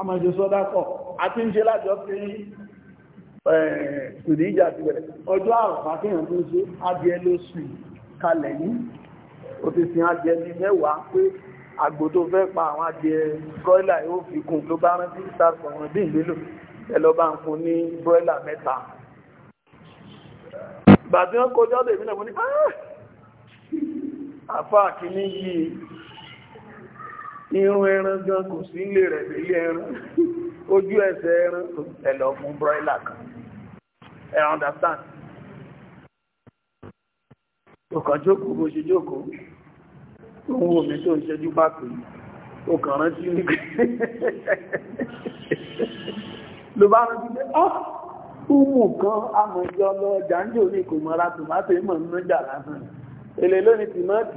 àmàjò sọ́dápọ̀ àti ń ṣe lájọ́ pé ṣùdí ìjà ti bẹ̀rẹ̀ ọjọ́ àrùfà kí èèyàn tó ń ṣe adìẹ ló sùn kalẹ̀ ní o ti sin adìẹ ní mẹ́wàá pé àgbò tó fẹ́ pa àwọn adìẹ brọ́ìlà yóò fi kún ló bá rántí sàrùn ọ̀rọ̀ bí ìlélò ẹ lọ bá ń fún ní brọ́ìlà mẹ́ta gbàtí wọ́n kọjọ́ lè mílẹ̀ mú ní ah! àfáà kìíní irun ẹran gan kò sí ilé rẹ̀ nílé ẹran ojú ẹsẹ̀ ẹran ẹ̀lọ́ fún bróílà kan ẹ understand ó kàn jókòó bó ṣe jókòó òun wò mí tó ń ṣẹ́jú bá pè ó kàn rántí ní [LAUGHS] ló bá rántí pé ọ́ ah, umu kan amọ̀jọ lọ jàǹjò ní kò mọ́ra tòmátò ìmọ̀ nínú jà lásán èlé lónìí tìmọ́tì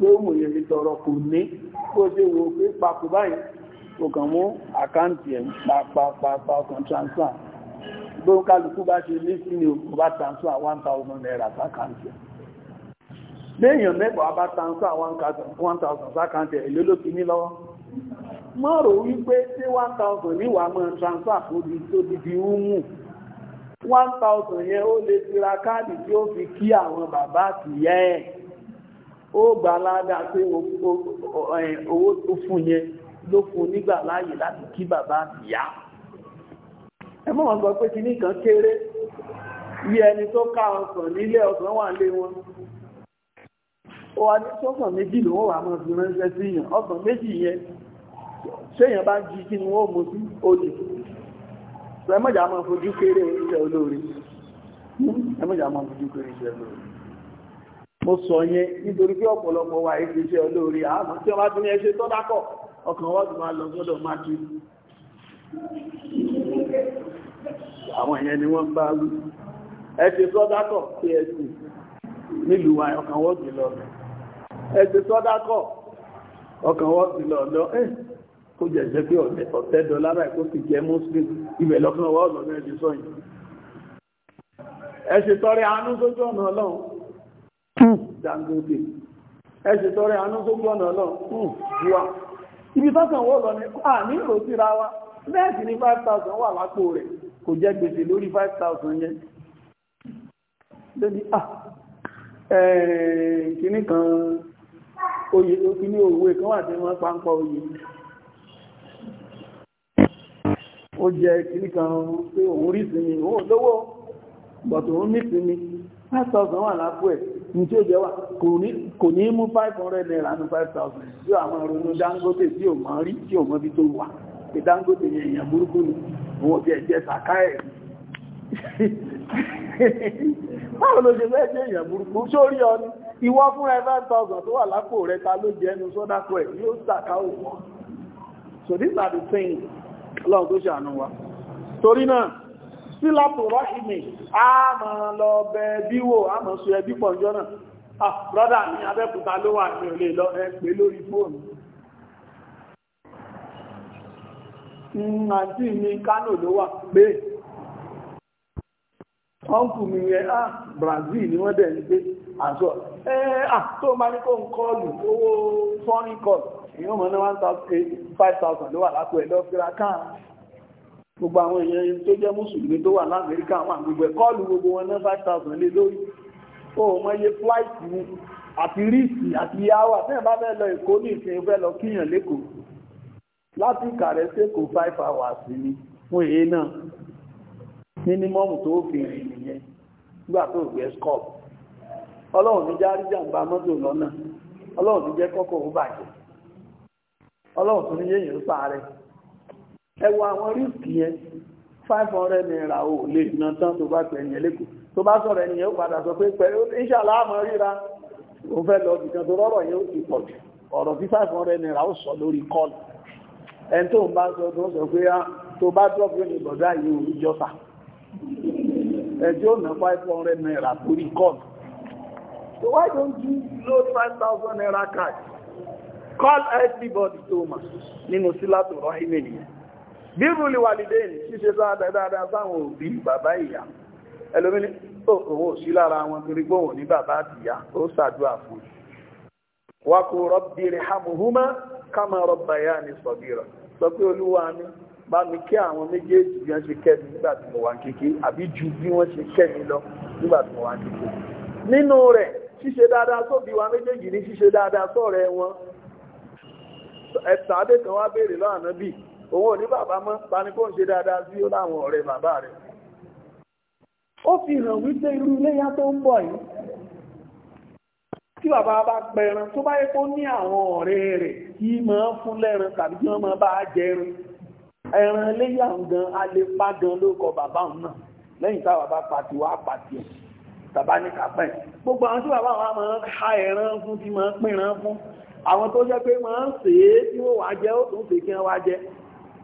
pé ó mú yẹn lè tọrọ kò ní kó ṣe wo pé papò báyìí o kàn mú àkáǹtì ẹ̀ pàpàpàpà ọkàn transfer gbóhùn kálukú bá ṣe ní sí ni o bá transfer one thousand naira sákàǹtì ẹ̀ léèyàn mẹ́wàá bá transfer one thousand sákàǹtì ẹ̀ èlé ló ti ní lọ́wọ́ one thousand níwà mọ́ transfer fún di one thousand yẹn ó lè tira káàdì tí ó fi kí àwọn bàbá àtìyẹ́ ẹ̀ ó gbà ládàá pé owó tó fún yẹn ló fún nígbà láàyè láti kí bàbá àtìyá ẹ mọ́ wọn gbọ́ pé kí nìkan kéré bí ẹni tó ká ọsàn nílé ọsàn wà lé wọn ó wá ní sọ́sàn méjì ló wà mọ́ sí ránṣẹ́ sí yàn ọsàn méjì yẹn ṣéyàn bá jí kí ni wọ́n mú sí olè ẹmọ́jà máa fojú kéré iṣẹ́ olóore ẹmọ́jà máa fojú kéré iṣẹ́ olóore mo sọ yẹn nítorí pé ọ̀pọ̀lọpọ̀ wa èyí ṣe olóore àmọ́ tí wọ́n bá tún ní ẹṣẹ́ tó dákọ̀ ọkàn wọ́n ti máa lọ sọ́dọ̀ má tu àwọn ìyẹn ni wọ́n bá wí ẹ ṣe sọ́dákọ̀ psc nílùú wa ọkàn wọ́n ti lọ ẹ ṣe sọ́dákọ̀ ọkàn wọ́n ti lọ lọ ẹ kó jẹ̀jẹ́ pé ọ̀tẹ́ dọ lára ẹ̀kọ́ ti jẹ́ muslim ibẹ̀ lọ́kàn wọ́n lọ ní ẹ ṣe sọ́yìn ẹ ṣe tọrẹ àánú sójú ọ̀nà ọlọ́run Dangote tọrẹ àánú tó gbọ́nà náà hmm. ibi tọ́sàn wọ́n lọ ní àní ìrò síra wa nẹ́ẹ̀sì ní 5,000 wà lápò rẹ̀ kò jẹ́ gbèsè lórí 5,000 yẹn lórí kìíní kan oyè òkìní òwe kan wà tí wọ́n oyè ó kan pé òun rí sí mi òun lówó 5,000 wà lápò tí ó jẹ́ wà kò ní mú 500 naira ní 5,000 tí àwọn ronú Dangote tí ò mọ̀ rí tí ò mọ̀ bí tó wà pé Dangote yẹn èèyàn burúkú ni wọ́n jẹ́ jẹ́ sàká ẹ̀ [LAUGHS] báwo ló ṣe fẹ́ jẹ́ èèyàn burúkú sórí ọ ni ìwọ fún ẹ 5,000 tó wà lápò rẹ ta ló jẹ́ ẹnu sọ́dákọ̀ so these are the things Ọlọ́run tó ṣàánú wa torí náà sílátò rọ́ìmì a ma lọ bẹ bí wò sọ ah brother mi abeputa ló wà ní olè lọ ẹ pè lórí fóònù hmm, àǹtí mi Kánò ló wà pé ọ́nkù mi ah Brazil ni wọ́n dẹ̀ ń gbé àṣọ ah tó máa ní kó ń kọlù owó foreign 1,000 5,000 ló wà lápò ẹ̀ lọ́fíra gbogbo àwọn èèyàn tó jẹ́ mùsùlùmí tó wà lámẹ́ríkà wà gbogbo ẹ̀ kọ́ọ̀lù gbogbo wọn náà five thousand lé lórí ó mọ iye flight mu àti ríìsì àti iye hour tẹ́yìn bá fẹ́ lọ èkó ní ìsìn fẹ́ lọ kíyàn lẹ́kọ̀ọ́ láti kàrẹ́ sẹ́kọ̀ọ́ five hours ni fún èyí náà mínímọ́mù tó fi rìn nìyẹn nígbà tó gbé scop ọlọ́run ní járí jàǹbá mọ́tò lọ́nà ọlọ́run ní jẹ́ kọ́kọ́ ó bàjẹ́ ọlọ́run tún ní yéèyàn sáré ẹwọ àwọn rísìkì yẹn 500 naira ò lè ná tán tó bá pẹ̀yìn ẹlẹ́kù tó bá sọ̀rọ̀ ẹni yẹn ó padà sọ pé pẹ̀lú ìṣàlá àmọ́ ríra ó fẹ́ lọ bìkan tó rọ́rọ̀ yẹn ó ti pọ̀ jù ọ̀rọ̀ tí 500 naira ó sọ lórí kọ́ọ̀lù ẹn tó ń bá sọ tó sọ pé ah, tó bá drop yóò ní bọ̀dá yìí ò jọ́sà ẹjọ́ ná 500 naira lórí kọ́ọ̀lù so why don't you load 5000 naira cash? call everybody to mà nínú sílátò rọ́ìmẹ̀ nìyẹn bírù lè wà lìdé ní ṣíṣe dáadáa sáwọn òbí bàbá ìyá ẹlòmí ní òun ò sí lára wọn torí gbóhùn ní bàbá àti ìyá ó ṣàdúrà fún wa kò rọ́bì rẹ̀ hàmùhúmá kámà rọ́bà ìyá ní sọ̀bìrọ̀ sọ pé olúwa mi bá mi kí àwọn méjèèjì bí wọ́n ṣe kẹ́ mi nígbà tí mo wà kékeré àbí ju bí wọ́n ṣe kẹ́ mi lọ nígbà tí mo wà kékeré nínú rẹ̀ ṣíṣe dáadáa sóbi wa méjèèjì ní ṣíṣe dáadáa sọ́ọ̀rẹ́ wọn ẹ̀sà adé kan wá béèrè lọ́wọ́ ànábì òun ò ní bàbá mọ́ tani kó ń ṣe dáadáa sí ó láwọn ọ̀rẹ́ bàbá rẹ̀ ó fi hàn wípé irú iléyá tó ń bọ̀ yìí tí bàbá bá pẹran tó bá kó ní àwọn ọ̀rẹ́ rẹ̀ kí máa fún lẹ́ran tàbí kí wọ́n máa bá jẹran ẹran iléyá gan a lè pa gan ló kọ bàbá òun náà lẹ́yìn táwa bá pàtì wá pàtì ẹ̀ bàbá ní kàpẹ́ gbogbo àwọn tí bàbá wa máa ń ha ẹran fún tí máa ń pìnran fún àwọn tó jẹ́ pé máa ń sèé tí wọ́n wá jẹ́ ó tún sèé kí wọ́n wá jẹ́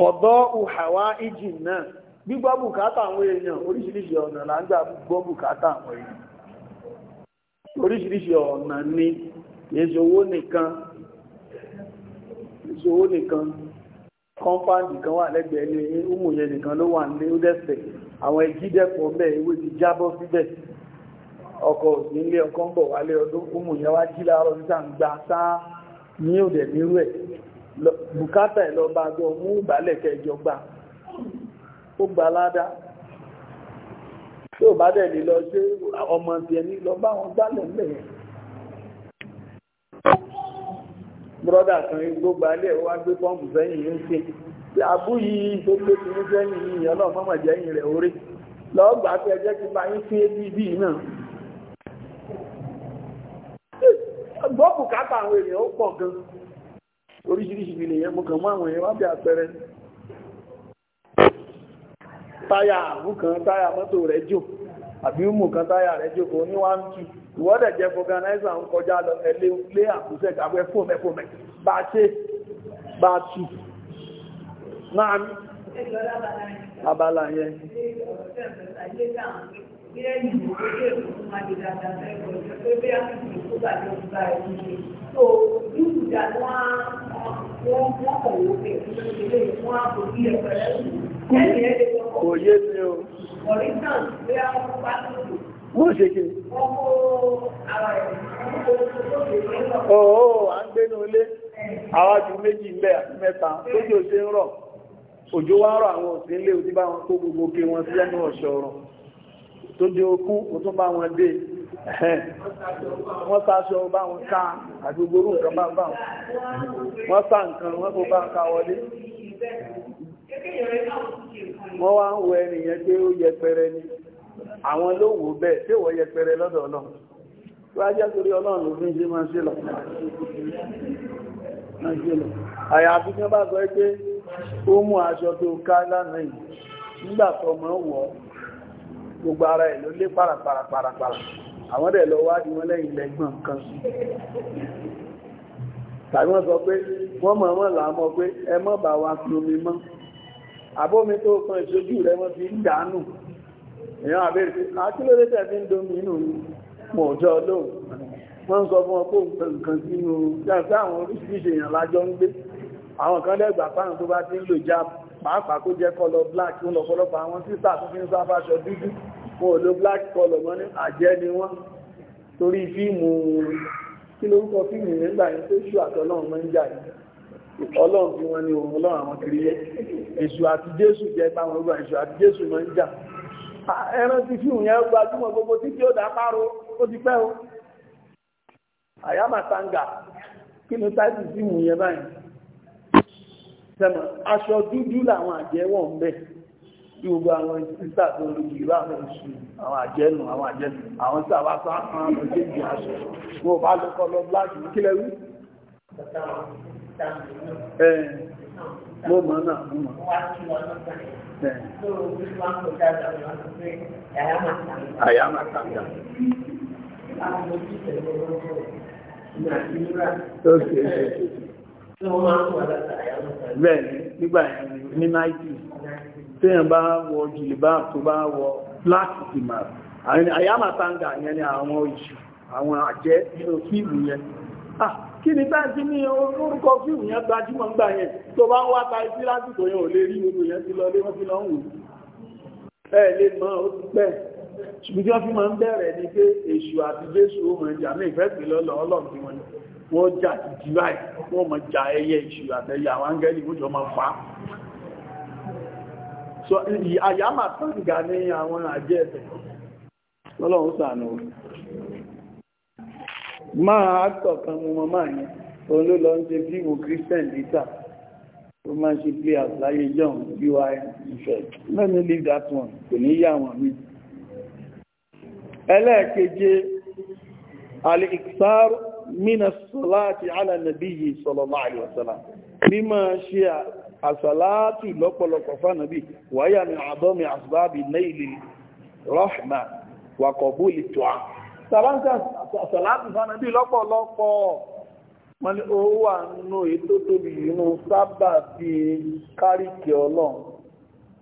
kọ̀dọ́ òhàwá ìjì náà gbígbọ́ bùkátà àwọn èèyàn oríṣiríṣi ọ̀nà là ń gbà gbọ́ bùkátà àwọn èèyàn ọ̀nà ni èso nìkan kan wà lẹ́gbẹ̀ẹ́ ní ụmụnye nìkan ló wà ní ọdẹ́sẹ̀ àwọn ẹjí dẹ́pọ̀ mẹ́ ewé ti jábọ́ síbẹ̀ ọkọ̀ nílé ọkọ̀ ń bọ̀ wálé ọdún wá jí láàárọ̀ níta ń ní òdẹ̀ bùkátà ẹ̀ lọ́ba gbọ́ mú ìgbálẹ̀ kẹjọ gbà ó gbà ládá tí ò bá dẹ̀ lè lọ ṣe ọmọ tiẹ̀ ní lọ bá wọn gbálẹ̀ mẹ́rin brọ́dà kan igbó gbálẹ̀ wá gbé pọ́ǹpù sẹ́yìn ń ṣe tí abú yìí tó gbé kiri sẹ́yìn yìí ọlọ́mọ́mọ̀ jẹ́yìn rẹ̀ orí lọ́gbà tí ẹjẹ́ ti bá yín sí abb náà gbọ́ bùkátà àwọn èèyàn ó pọ̀ gan-an oríṣiríṣi bí lè yẹn mú kàn mọ́ àwọn èèyàn wá bí àpẹẹrẹ táyà àmú kan táyà mọ́tò rẹ̀ jò àbí mú kan táyà rẹ̀ jò kò ní wọ́n tú ìwọ́dẹ̀ jẹ́ fọganáísà ń kọjá lọ ẹlé lé àkúsẹ̀ kàwẹ́ fòmẹ́fòmẹ́ bá ṣe bá tú náà abala yẹn bí ẹni ìlú tó ṣe fún máa di dáadáa lẹ́kọ̀ọ́ ìjọ pé bí àtúntò tó bá jọ gba ẹ̀mí ṣe tó yíwù dá wọn wọn wọn kọ̀ wọ́n pé ilé wọn kò bí ẹ̀kọ́ lẹ́kọ̀ọ́ ẹ̀mí ẹ̀ lè kọ́kọ́. kò yé mi o. ọ̀rí náà bí a kọ́ bá tó lò. wọ́n ṣe kí. wọ́n kó ara ẹ̀ ọ̀hún à ń gbénu ilé àwọn àti méjì ń àti mẹ́ta tó ṣe ń rọ̀ òjò wá rọ̀ àwọn òsínlé òdíbà wọn kó gbogbo kí wọn sí ẹnu ọ̀ṣọ́ rọ̀ tó dé okú o tún bá wọn dé wọ́n sáṣọ bá wọn ká àgbogbo nǹkan bá bá wọn wọ́n sá nǹkan wọ́n kó bá ń ká wọlé wọ́n wá ń wọ ẹnìyàn pé ó yẹpẹrẹ ni àwọn ló wò bẹ́ẹ̀ tí wọ́n yẹpẹrẹ lọ́dọ̀ ọlọ́run tó á wọ́n gbogbo ara ẹ̀ ló lé pàràpàràpàrà àwọn dẹ̀ lọ wádìí wọn lẹ́yìn lẹ́gbọ̀n kan tàbí wọ́n sọ pé wọ́n mọ̀ wọ́n là mọ́ pé ẹ mọ́ bà wá fi omi mọ́ àbómi tó kan ìṣojú rẹ wọ́n fi ń dànù èèyàn àbẹ̀rẹ̀ akílódé tẹ̀fí ń domi inú mọ̀ ọjọ́ lóhùn wọ́n sọ fún ọkọ̀ nǹkan sínú yàtí àwọn oríṣiríṣi èèyàn lájọ ń gbé àwọn kan lẹ́gbàá fáwọn tó bá ti ń lò já pàápàá kó jẹ́ wọn ò lo black color mọ́ ní àjẹ́ ni wọ́n torí fíìmù kí lórúkọ fíìmù nígbà yẹn tó ṣù àtọ́lọ́run mọ́ ń jà yìí ọlọ́run fi wọn ni òun ọlọ́run àwọn kiri yẹ èṣù àti jésù jẹ́ bá wọn gbà èṣù àti jésù mọ́ ń jà ẹran ti fíìmù yẹn gbajúmọ̀ gbogbo títí ó dá páró ó ti pẹ́ o àyàmàtàǹgà kí ni táìtì fíìmù yẹn báyìí sẹ́mọ̀ aṣọ dúdú làwọn àjẹ́ wọ̀ ń bẹ́ẹ̀ tí gbogbo àwọn sísà tó ló jù láàrin oṣù àwọn àjẹ́nu àwọn àjẹ́nu àwọn tí àwọn sọ àwọn ọmọ tí ìjì aṣọ mo bá lọ kọ lọ bláàkì ní kílẹ̀ wí. mo mọ̀ náà mo mọ̀. àyà máa tàǹdà. ok tí wọ́n máa ń wà láti àyàwó bẹ́ẹ̀ nígbà ní náìtì tí yẹn bá wọ jìlìbá tó bá wọ láti ìmọ̀ àyàmà tanga yẹn ni àwọn ìṣù àwọn àjẹ́ nínú fíìmù yẹn ah kí ni bá ti ní orúkọ fíìmù yẹn gbajúmọ̀ ńgbà yẹn tó bá ń wá ta etí lásìkò yẹn ò lè rí gbogbo yẹn ti lọ lé wọ́n fi lọ ń wò ẹ lè mọ ó ti pẹ́ ṣùgbọ́n tí wọ́n fi máa ń bẹ̀rẹ̀ ni pé èṣù àti jésù ó mọ̀ ìjà ní ìfẹ́ pè lọ́lọ́ ọlọ́run tí wọ́n yẹn wọ́n jà jìjì láì wọ́n mọ̀ jà ẹyẹ ìṣù àtẹyẹ àwọn áńgẹ́lì wọ́n jọ máa fa so àyàmà tàǹgà ní àwọn àjẹ́ ẹ̀bẹ̀ lọ́lọ́run sànù máa àtọ̀ kan mú mọ́má yẹn òun ló lọ ń ṣe fíìmù christian lítà ó máa ń ṣe play out john bí wá let me leave that one kò ní yà wọ́n mi ẹlẹ́ẹ̀keje alìksáàrù mina sọ́láàtì alànàbí yìí sọ́lọ́lá àríwàsọ́lá ní máa ṣe àsàlátì lọ́pọ̀lọpọ̀ fánàbí wáyà na àbọ́mì àsìbábì náìlì rọ́hìmá wàkọ̀bólì tọ́á sàlátì fánàbí lọ́pọ̀lọpọ̀ wọ́n ní ó wà nínú ètò tóbi inú sábà bí kárìkì ọlọ́run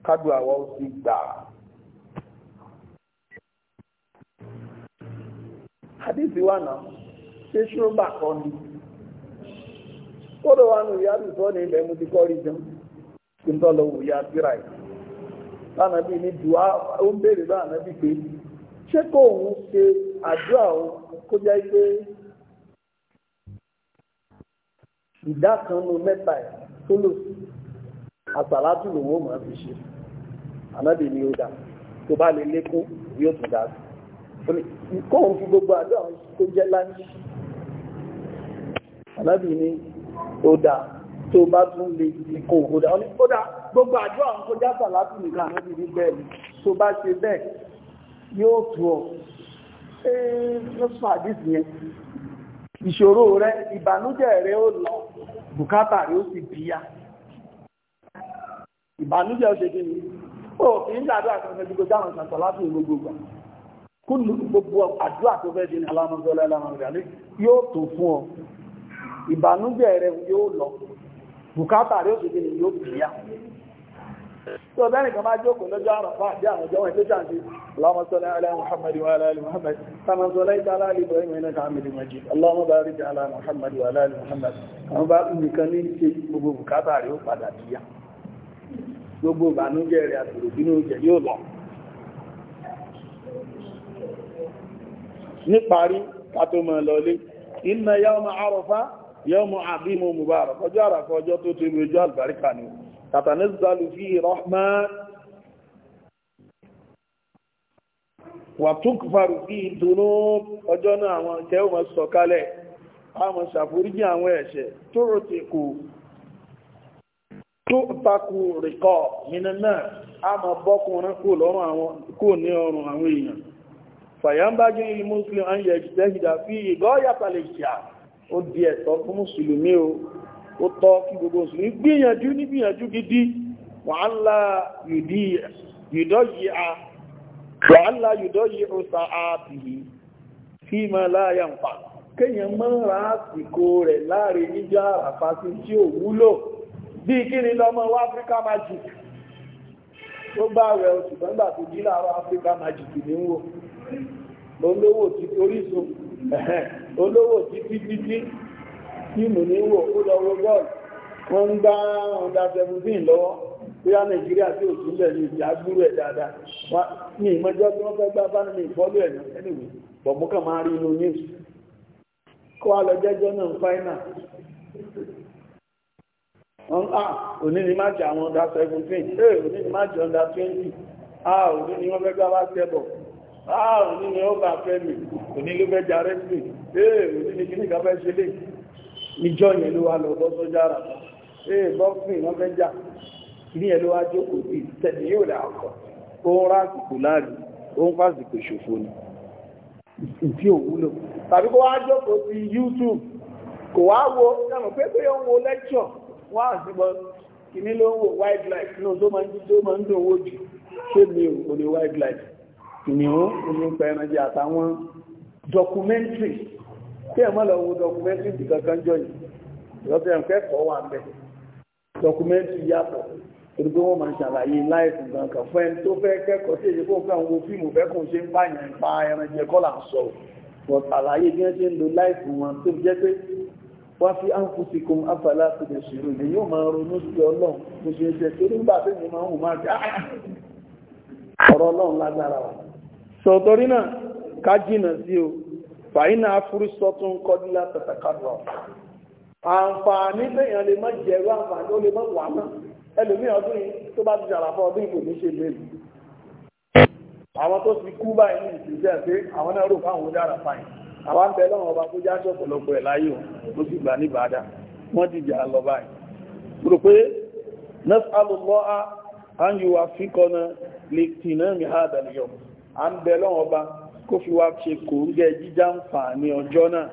kádù àwọn ó sì wa ṣé ṣúrúbà kọ́ ni kódò wa ìyá bìfọ́ ní ilẹ̀ ti kọ́ rí jẹun kí n wò ya síra ẹ̀ lánàá bí ní dùá ó ń béèrè lánàá bí pé ṣé kò ń ṣe àdúrà òun kó jẹ́ pé ìdá kan mẹ́ta ẹ̀ tó lò lòun ó máa fi ṣe ànábì ni ó dà tó bá lè lékún yóò tún dà gbogbo àdúrà òun kó jẹ́ àlábì ní ó dá tó bá tún lè ti kó ó dá ó dá gbogbo àjọ àwọn kó já sàlábì nìkan àlábì ní bẹ́ẹ̀ ni tó bá ṣe bẹ́ẹ̀ yóò tù ọ́ lọ́sùn àdìsí yẹn ìṣòro rẹ ìbànújẹ́ rẹ ó lọ bùkátà rẹ ó sì bíyà ìbànújẹ́ ó ṣe kí ni ó kì í ṣàdúrà kan fẹ́ gbogbo dáhùn ìṣàtọ̀ láti gbogbo kúlù gbogbo àdúrà tó fẹ́ di ní alámọ́sọ́lá alámọ́sọ́lá yóò tó fún ọ ìbànújẹ́ rẹ̀ yóò lọ bùkátà rẹ̀ òṣèlú ni yóò bì yá tó bẹ́ẹ̀ nìkan máa اللهم صل على محمد وعلى محمد كما صليت على ال ابراهيم انك اللهم بارك على محمد وعلى محمد àwọn bá nìkan ní ṣe gbogbo bùkátà rẹ̀ ó padà bíyà gbogbo ìbànújẹ́ rẹ̀ àtòrò bínú inna yawma Arafa yọ́mù àbímọ̀ mubarak ọjọ́ àràfọ́ ọjọ́ tó tó ìrìnjọ́ àlùbáríkà ni tàtàníṣàlù fi rọ́hmà wà túnkfàrù fi ìdùnnú ọjọ́ náà àwọn ìkẹ́ wọn sọ̀kalẹ̀ àwọn ṣàforíjì àwọn ẹ̀ṣẹ̀ tó rọ̀tẹ̀kù tó takù a máa bọ́kùnrin kò ní àwọn èèyàn an ya ó di ẹ̀tọ́ fún mùsùlùmí o ó tọ́ kí gbogbo mùsùlùmí gbìyànjú ní gbìyànjú gidi wàhálà yìdọ́ yìí a wàhálà yìdọ́ yìí ọ̀sà ààbìyí kí ma láyà ń pa kéèyàn mọ́ ra àsìkò rẹ̀ láàrin níjọ́ àràfà sí tí ò wúlò bí kí ni lọ́mọ wá Africa Magic tó bá rẹ̀ oṣù kan tó jí láàárọ̀ Africa Magic ní wò lọ́lọ́wọ́ ti orísun olówó títí títí tíìmù níwò ó lọ wo bọ́ọ̀lù wọ́n ń gbá under 17 lọ́wọ́ bóyá nàìjíríà tí ò sílẹ̀ ní ìdí agbúrú ẹ̀ dáadáa wá ní ìmọ̀jọ́ tí wọ́n fẹ́ gbá bá ìfọ́lú ẹ̀ náà bọ̀mú máa rí inú kó a lọ jẹ́jọ́ náà wọ́n á ah, òní ni má jẹ́ àwọn eh, òní ni má jẹ́ under twenty á ah, òní ni wọ́n fẹ́ gbá bá tẹ́bọ̀ á òní ni ee eh, oníṣekíní kan fẹ́ ṣe lè níjọ́ yẹn ló wá lọ ee bọ́ọ̀fìn wọn fẹ́ jà ní ẹ̀ ló wá jókòó sí ni ìdí òwúlò tàbí kó wá jókòó sí YouTube kò wá wo kàmù pé pé ó ń wo lecture wá àsìbọn kìíní ló ń wo wildlife náà tó máa ń dùn owó jù ṣé mi ò ò ní wildlife ìnìhún omi pẹ̀rànjẹ àtàwọn documentary kí ẹ̀ mọ́ lọ wo dọkumẹ́ntì kankan jọ yìí lọ́sẹ̀ ẹ̀kẹ́kọ̀ọ́ wà ń bẹ̀ dọkumẹ́ntì yàtọ̀ torí pé wọ́n máa ń ṣàlàyé láìsí kankan fún ẹni tó fẹ́ kẹ́kọ̀ọ́ sí èyí kó nǹkan wo fíìmù fẹ́ kó ṣe ń pààyàn pa ẹran jẹ kọ́ là ń sọ wọ́n ṣàlàyé bí wọ́n ṣe ń lo láìsí wọn tó jẹ́ pé wá fi áńkùsìkùn afàlà tó lè ṣèrò ní yóò máa ronú sí ọlọ́run mo ṣe ṣe torí ah, wa. sọ̀tọ̀rí náà ká fàyínà afúrísọ tó ń kọ́ nílá tàtàkàrọ̀ àǹfààní lèèyàn lè má jẹ̀rú àǹfààní ó lè má wà náà ẹlòmíì ọdún yìí tó bá ti dàrà fún ọdún ìbò ní ṣe lè lù àwọn tó ti kú báyìí ní ìṣẹ̀ṣẹ̀ pé àwọn náà rò fáwọn dára fáyìn àwọn bẹ lọ́wọ́ ọba tó jáṣọ ọ̀pọ̀lọpọ̀ ẹ̀ láyé o ló sì gbà ní bàdà wọ́n ti jà lọ báyìí rò pé kó fi wá ṣe kò gẹ jíjá ń fà ní ọjọ́ náà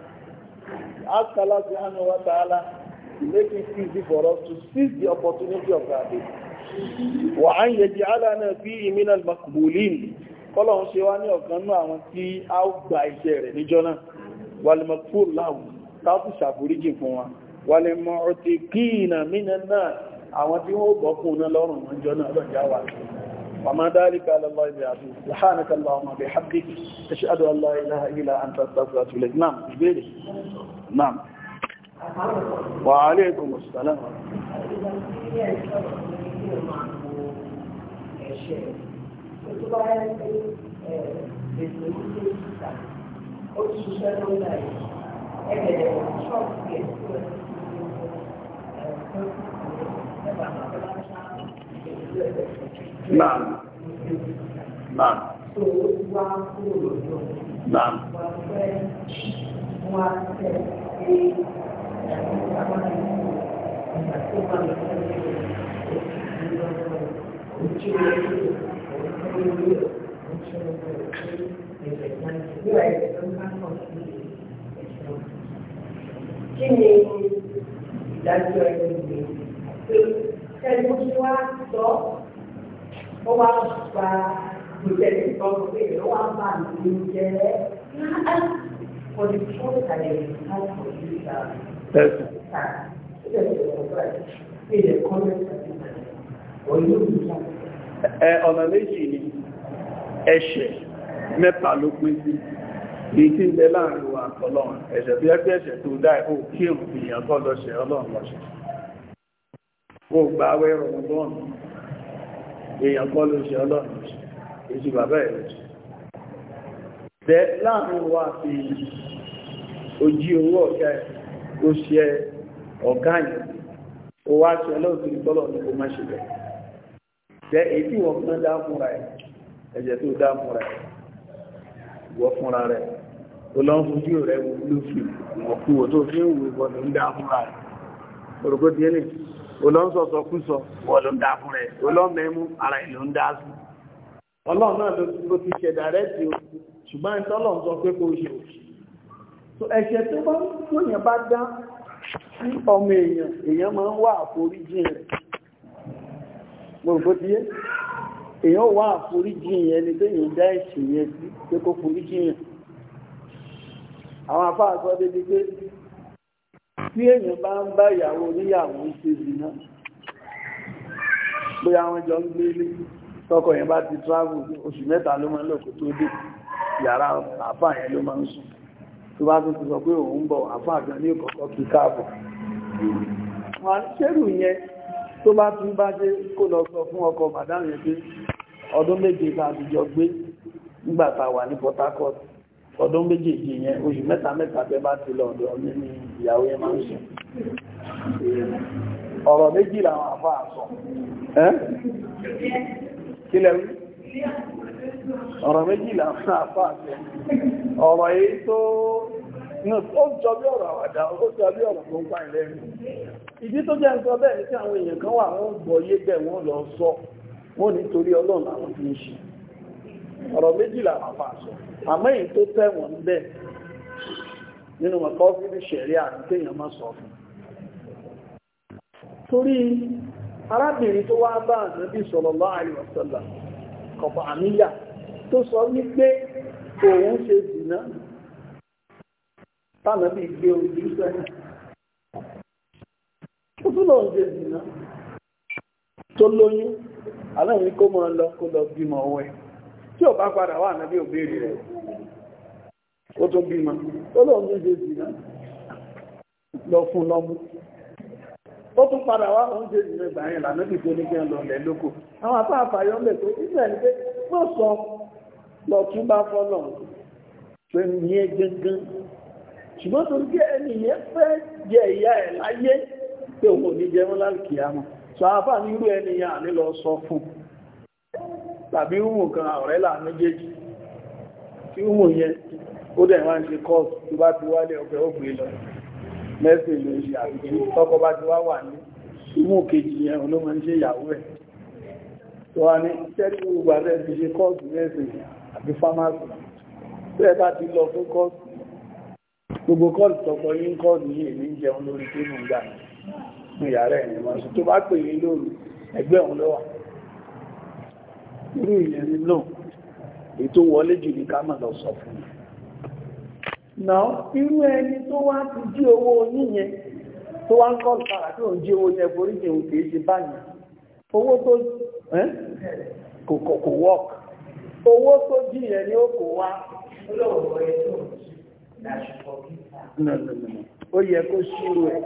Asala Allah subhanahu wa ta'ala make it easy for us to seize the opportunity of that day wa an yaj'alana fihi min al-maqbulin kọ́lọ̀un ṣe wá ní ọ̀kan náà àwọn tí a ó gba iṣẹ́ rẹ̀ níjọ́ náà wal-maghfur lahum ṣàforíjì fún wa àwọn tí wọ́n náà lọ́rùn náà وما ذلك على الله بعزيز سبحانك اللهم بحقك أشهد أن لا إله إلا أنت أستغفرك إليك نعم إجبيري نعم وعليكم السلام Thank you. Náà. kí ni ìdájọ́ ẹni gbé? Ṣé ẹni wá sọ ó wá gba ìjẹ́lẹ̀ ìtọ́jú pé ó wá bá ìlú jẹ́ ah, for the truth that ah, is not for you that ọ̀nà méjì ni ẹ̀ṣẹ̀ mẹ́ta ló pín sí èyí tí ń bẹ láàrin wa àtọ́lọ́run ẹ̀ṣẹ̀ tó yẹ ẹ̀ṣẹ̀ tó dá ẹ̀kọ́ kí òun kọ́ lọ́ṣẹ̀ ọlọ́run lọ́ṣẹ̀ ó gbà wẹ́rọ̀ ọlọ́run èèyàn kọ́ ló ṣe ọlọ́run èsì bàbá ẹ̀ tẹ́ láàrin wa fi ojí owó ọ̀gá ẹ̀ tó ṣe ọ̀gá yẹn ó wá ṣe ọlọ́run tó ní tọ́lọ̀ ní kó má ṣe bẹ̀ tẹ́ èyí tí wọ́n fún dá fúnra ẹ̀ ẹ̀jẹ̀ tó dá fúnra ẹ̀ wọ́n fúnra rẹ̀ tó lọ́n fojú rẹ̀ wọ́n ló fi olóńsọ̀sọ̀ kú sọ wọ́n ló ń dá fún rẹ̀ olóńmẹ́mú ara ẹ̀ ló ń dá sí. ọlọ́run náà ló ti ṣẹ̀dá rẹ̀ tí o ẹni tó bá dá sí ni téèyàn dá ẹ̀ṣẹ̀ yẹn sí pé kó foríjìn yẹn àwọn afáàsọ débi pé tí èèyàn bá ń bá ìyàwó oníyàwó ṣe zìnà bóyá àwọn jọ ń gbé ilé tọkọ yẹn bá ti travel oṣù mẹ́ta ló máa tó dé yàrá àfà yẹn ló ń sùn tó bá tún sọ pé òun bọ̀ àfà ní ìkọ̀kọ́ kí káàbọ̀ wọn yẹn tó bá tún ọkọ yẹn pé ọdún méje gbé Port Harcourt ọdún méjèèjì yẹn oṣù mẹ́ta mẹ́ta tẹ́ bá ti lọ ọ̀dọ̀ nínú ìyàwó yẹn máa ń sùn ọ̀rọ̀ méjì làwọn àfá àsọ kí lẹ́wí ọ̀rọ̀ méjì làwọn àfá àsọ ọ̀rọ̀ èyí tó ó jọ bí ọ̀rọ̀ àwàdà ó jọ bí ọ̀rọ̀ tó ń pa ìlẹ́rìn ìdí tó jẹ́ ń sọ bẹ́ẹ̀ ní tí àwọn èèyàn kan wà wọ́n gbọ́ yé bẹ̀ wọ́n lọ sọ wọ́n nítorí ọlọ́run àwọn fi ń ṣe ọ̀rọ̀ méjì làwọn àfá àsọ àmọ́ èyí tó tẹ̀wọ̀n ń nínú ọ̀pọ̀ fílì ṣẹ̀rí àrùn téèyàn má torí arábìnrin tó wá bá ànábì sallallahu alaihi kọ̀pọ̀ tó sọ wípé òun ṣe dìná tánàbí gbé ojú sẹ́yìn tó lóyún aláìní kó mọ́ lọ kó lọ bímọ ọwọ́ tí ò bá padà wà rẹ̀ ó tó bímọ ó lóun tó ṣe sí náà lọ fún lọ́mú ó tún padà wá òun ṣe sí ìgbà yẹn lànà bí tó ní kí ẹ lọ lẹ lóko àwọn apá àfàyọ ń bẹ tó ìgbà ní pé wọ́n sọ lọ tún bá fọ́lọ̀ pé nìyẹn gangan ṣùgbọ́n torí pé ẹni yẹn fẹ́ jẹ ìyá ẹ̀ láyé pé òun ò ní jẹ wọn lálùkì àmọ́ sọ àfà ní irú ẹni yẹn àní lọ sọ fún tàbí hùmù kan ọ̀rẹ́ là ó dẹ̀ wá ń ṣe kọ́ọ̀sì tó bá ti wálé ọgbẹ́ ògbé lọ mẹ́sìn ló ṣe àbíjú tọ́kọ bá ti wá wà ní imú kejì yẹn ló máa ń ṣe ìyàwó ẹ̀ tó wá ní tẹ́lú gbogbo abẹ́ ti ṣe kọ́ọ̀sì mẹ́sìn àbí fámásì tó ẹ bá ti lọ fún kọ́ọ̀sì gbogbo kọ́ọ̀sì tọkọ yín kọ́ọ̀sì yìí èmi ń jẹun lórí tébù ń gbà ní yàrá ẹ̀ nìmọ̀ tó bá pè yín lóru ẹgbẹ́ òun ló irú ìyẹn ni lóun ètò wọlé jù ní ká mà lọ sọ fún mi náà irú ẹni tó wá ti jí owó yíyẹn tó wá ń kọ́ sára tí ò ń jí owó yẹn borí jẹun kìí ṣe báyìí owó tó kò wọ́k owó tó jí yẹn ni ó kò wá ó yẹ kó ṣírò ẹ̀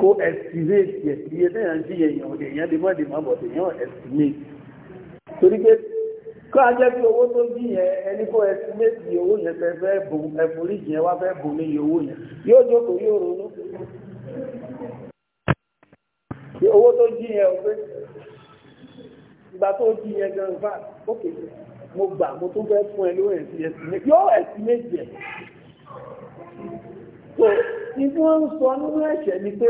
kó estimate yẹ̀ iye tẹ́yàn jí yẹn èèyàn lè mọ́ dè má bọ̀ tẹ̀yàn estimate torí pé kó a jẹ́ kí owó tó jí yẹn ẹni kó ẹsìmẹ́tì owó yẹn fẹ́ fẹ́ bò ẹ̀fúrí yẹn wá fẹ́ bò ní owó yẹn yóò jókòó yóò ronú. owó tó jí yẹn ò pé ìgbà tó jí yẹn gan fà ókè mo gbà mo tún fẹ́ fún ẹ lówó ẹ̀sìmẹ́tì yóò ẹ̀sìmẹ́tì ẹ̀. so ibi wọn ń sọ nínú ẹ̀ṣẹ̀ ni pé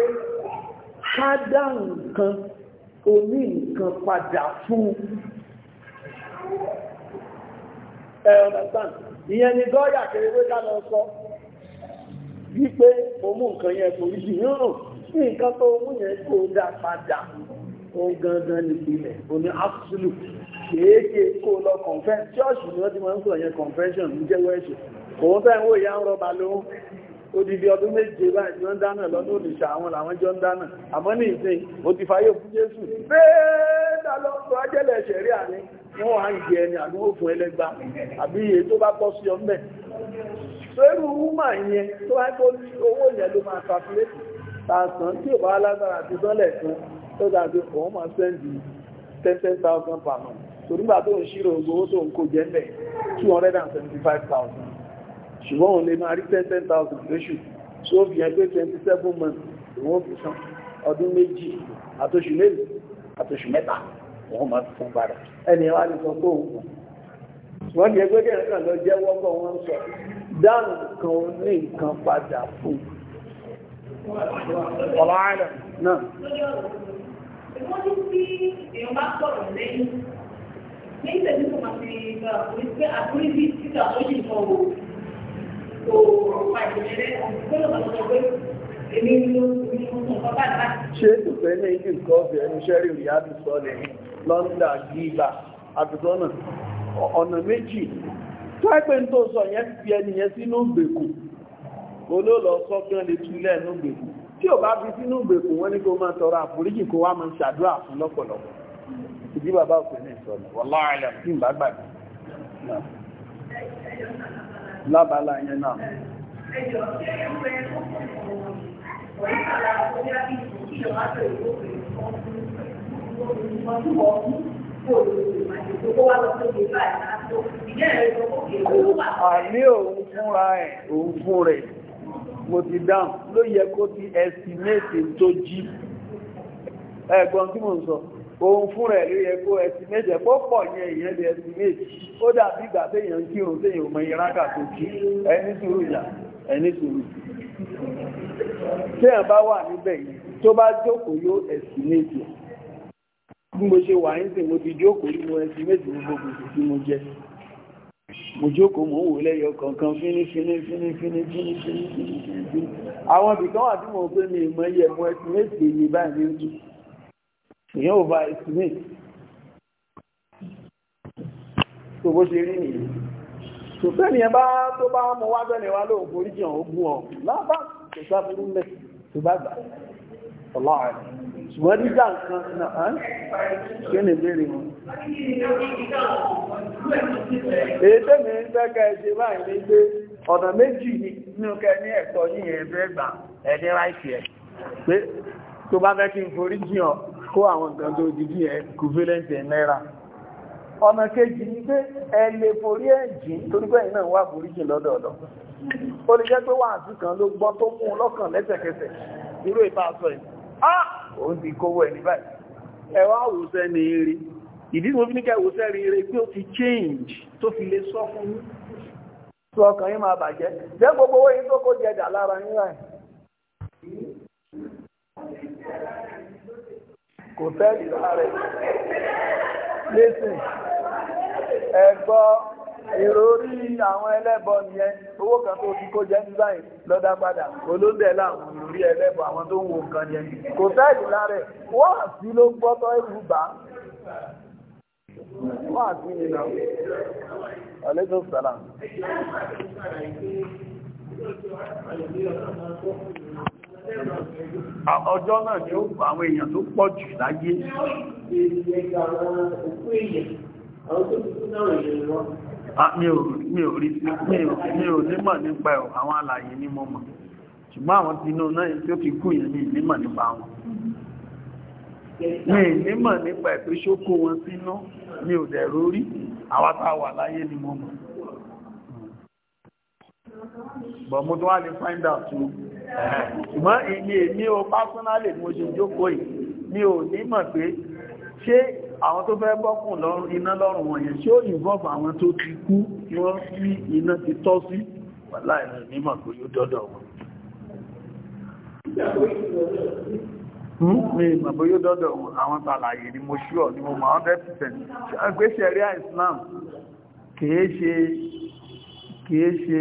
ká dá nǹkan oní nǹkan padà fún un ẹ understand ìyẹn ni gọ́ọ̀yà kéré ká lọ sọ wípé òmù nǹkan yẹn kò rí jù yóò sí nǹkan tó mú yẹn kó dá padà ó gangan ní ilẹ̀ ó ní absolute kéèké kó lọ confession ṣọ́ọ̀ṣì ni wọ́n ti máa ń sọ yẹn confession ní jẹ́wọ́ ẹ̀ṣẹ̀ òun fẹ́ ń wò ìyá ń rọba lóhun odidi ọdún méje báyìí wọ́n dáná lọ́dún òdìṣà àwọn làwọn jọ ń dáná àmọ́ ní ìsìn mo ti fàyè fún Jésù bẹ́ẹ̀ dálọ́ tó ajẹ́lẹ̀ ṣẹ̀rí àní wọ́n wá ń jẹ ẹni àdúgbò fún ẹlẹ́gbà àbí iye tó bá bọ́ sí ọmọ ẹ̀ tó irú wúmà yẹn tó wá kó owó yẹn ló máa kàfúlétì tààsán tí ò bá lágbára àti sọ́lẹ̀ kan tó dàbí òun máa sẹ́ndì ten ten thousand per month torí gbà tó ń ṣírò owó tó ń kó jẹ́ ń bẹ̀ two hundred and seventy five thousand ṣùgbọ́n òun lè máa rí 10,000 lóṣù so ó fi yẹn pé 27 months ìwọ́n fi san ọdún méjì àtòṣù mélòó àtòṣù mẹ́ta wọ́n máa fún padà ẹni wá ní sọ pé òun wọ́n ní ẹgbẹ́ kẹrin kan lọ jẹ́ wọ́pọ̀ wọ́n sọ dáhùn kan ní nǹkan padà fún ọ̀rọ̀ ààrẹ náà wọ́n ní bí èèyàn bá sọ̀rọ̀ lẹ́yìn ní ìtẹ̀síkọ̀ máa fi gbà uh, pé àkúrí bí títà ó yìnbọn wò tó ọ̀pá ìṣẹ̀lẹ̀ ṣé tùfẹ́ ní ibi nǹkan ọ̀fẹ́ ẹni ṣẹ́rí ìrìádù sọ́lẹ̀ lọ́ndà gíbà àbìsọ́nà ọ̀nà méjì tó ẹgbẹ́ tó sọ yẹn fi ẹni yẹn sínú ìgbèkùn olóòlọ sọ́gbọ́n lè túlẹ̀ ní ìgbèkùn tí ò bá fi sínú ìgbèkùn wọ́n ní kó máa tọrọ àforíjì kó wá máa ṣàdúrà fún lọ́pọ̀lọpọ̀ ìdí bàbá òfin ní ìsọ̀lẹ̀ wọ́n láàrín lábàlá yẹn náà. Àní òun fúnra ẹ̀, òun fún rẹ̀, mo ti dáhùn, ló yẹ kó ti ẹ̀sìmẹ́tì tó jí. Ẹ̀gbọ́n tí mo ń sọ òun fún rẹ̀ ló yẹ kó estimate ẹ̀pọ̀ pọ̀ yẹn èèyàn lè estimate ó dàbí ìgbà téèyàn ń kírun téèyàn mọ iye rákà tó kí ẹni sùúrù yà ẹni sùúrù téèyàn bá wà níbẹ̀ yìí tó bá jókòó yóò estimate bí mo ṣe wà ń sìn mo ti jókòó ní mo estimate gbogbo gbèsè tí mo jẹ mo jókòó mo ń wò lẹ́yọ kankan fíní fíní fíní fíní fíní fíní fíní fíní àwọn ibìkan wà tí mo gbé mi ìmọ̀ yẹ mo estimate èyí báyìí èèyàn ò bá estimate tó bó ṣe rí nìyí tó bẹ́ẹ̀ni ẹ bá tó bá mọ wá bẹ́ẹ̀ni wá lóòrùn forí jìn ogun ọ̀ lábá kò sáfúrú mẹ́ tó bá gbà ọlọ́run ṣùgbọ́n dídá nǹkan náà kí ni ìbéèrè wọn. èyí tẹ́mi ń fẹ́ ká ẹ ṣe báyìí ní pé ọ̀nà méjì nínú kẹ ní ẹ̀kọ́ yìí fẹ́ gbà ẹ̀ ní ráìtì ẹ̀ pé tó bá fẹ́ kí n forí jìn ọ́ kó àwọn nǹkan tó di bí equivalent náírà ọ̀nà kejì ni pé ẹ lè forí ẹ̀jìn torí pé ẹ̀yin náà wà foríjìn lọ́dọọdọ ó lè jẹ́ pé wàásù kan ló gbọ́ tó mú un lọ́kàn lẹ́sẹ̀kẹsẹ̀ irú ìbá sọ yìí ah òun ti kówó ẹ̀ ní báyìí ẹ wá wòsẹ́ ní eré ìdí tí mo fi ní kẹ́ change tó fi lè sọ fún yín tó ọkàn yín máa bàjẹ́ jẹ́ gbogbo owó yín tó kó jẹjà lára kò tẹ́lì láàrẹ̀ lẹ́sìn ẹ̀gbọ́ ìrórí àwọn ẹlẹ́bọ nìyẹn owó kan tó ti kó jẹ́ nígbàyìn lọ́dá padà olóńdẹ̀ láwọn ìrórí ẹlẹ́bọ àwọn tó ń wo nǹkan yẹn kò tẹ́lì láàrẹ̀ wọ́n àti ló gbọ́tọ́ ìrù bá wọ́n ọjọ́ náà ni ó fún àwọn èèyàn tó pọ̀ jù láyé mi ò nímọ̀ nípa ẹ̀ àwọn alàyè ní mo mọ̀ ṣùgbọ́n àwọn tí inú náà tí ó ti kú yẹn ní ìnímọ̀ nípa wọn mi ìnímọ̀ nípa ẹ̀ ṣókó wọn sínú mi ò dẹ̀ rórí àwọn tá láyé ní mo mọ̀ but mo tó wá lè find out too ṣùgbọ́n ìní èmi o pásánálì mo ṣe jókòó yìí mi ò ní mọ̀ pé ṣé àwọn tó fẹ́ bọ́kùn lọ́rùn iná lọ́rùn wọ̀nyẹn ṣé ó involve àwọn tó ti kú wọ́n rí iná ti tọ́ sí láìrìn nímọ̀ pé yóò dọ́dọ̀ wọn hmm? mi ìmọ̀ bó yóò dọ́dọ̀ àwọn tàlàyé ni mo ṣúọ̀ ni mo mọ̀ 100% agbéṣẹ̀rí Islam kìí ṣe kìí ṣe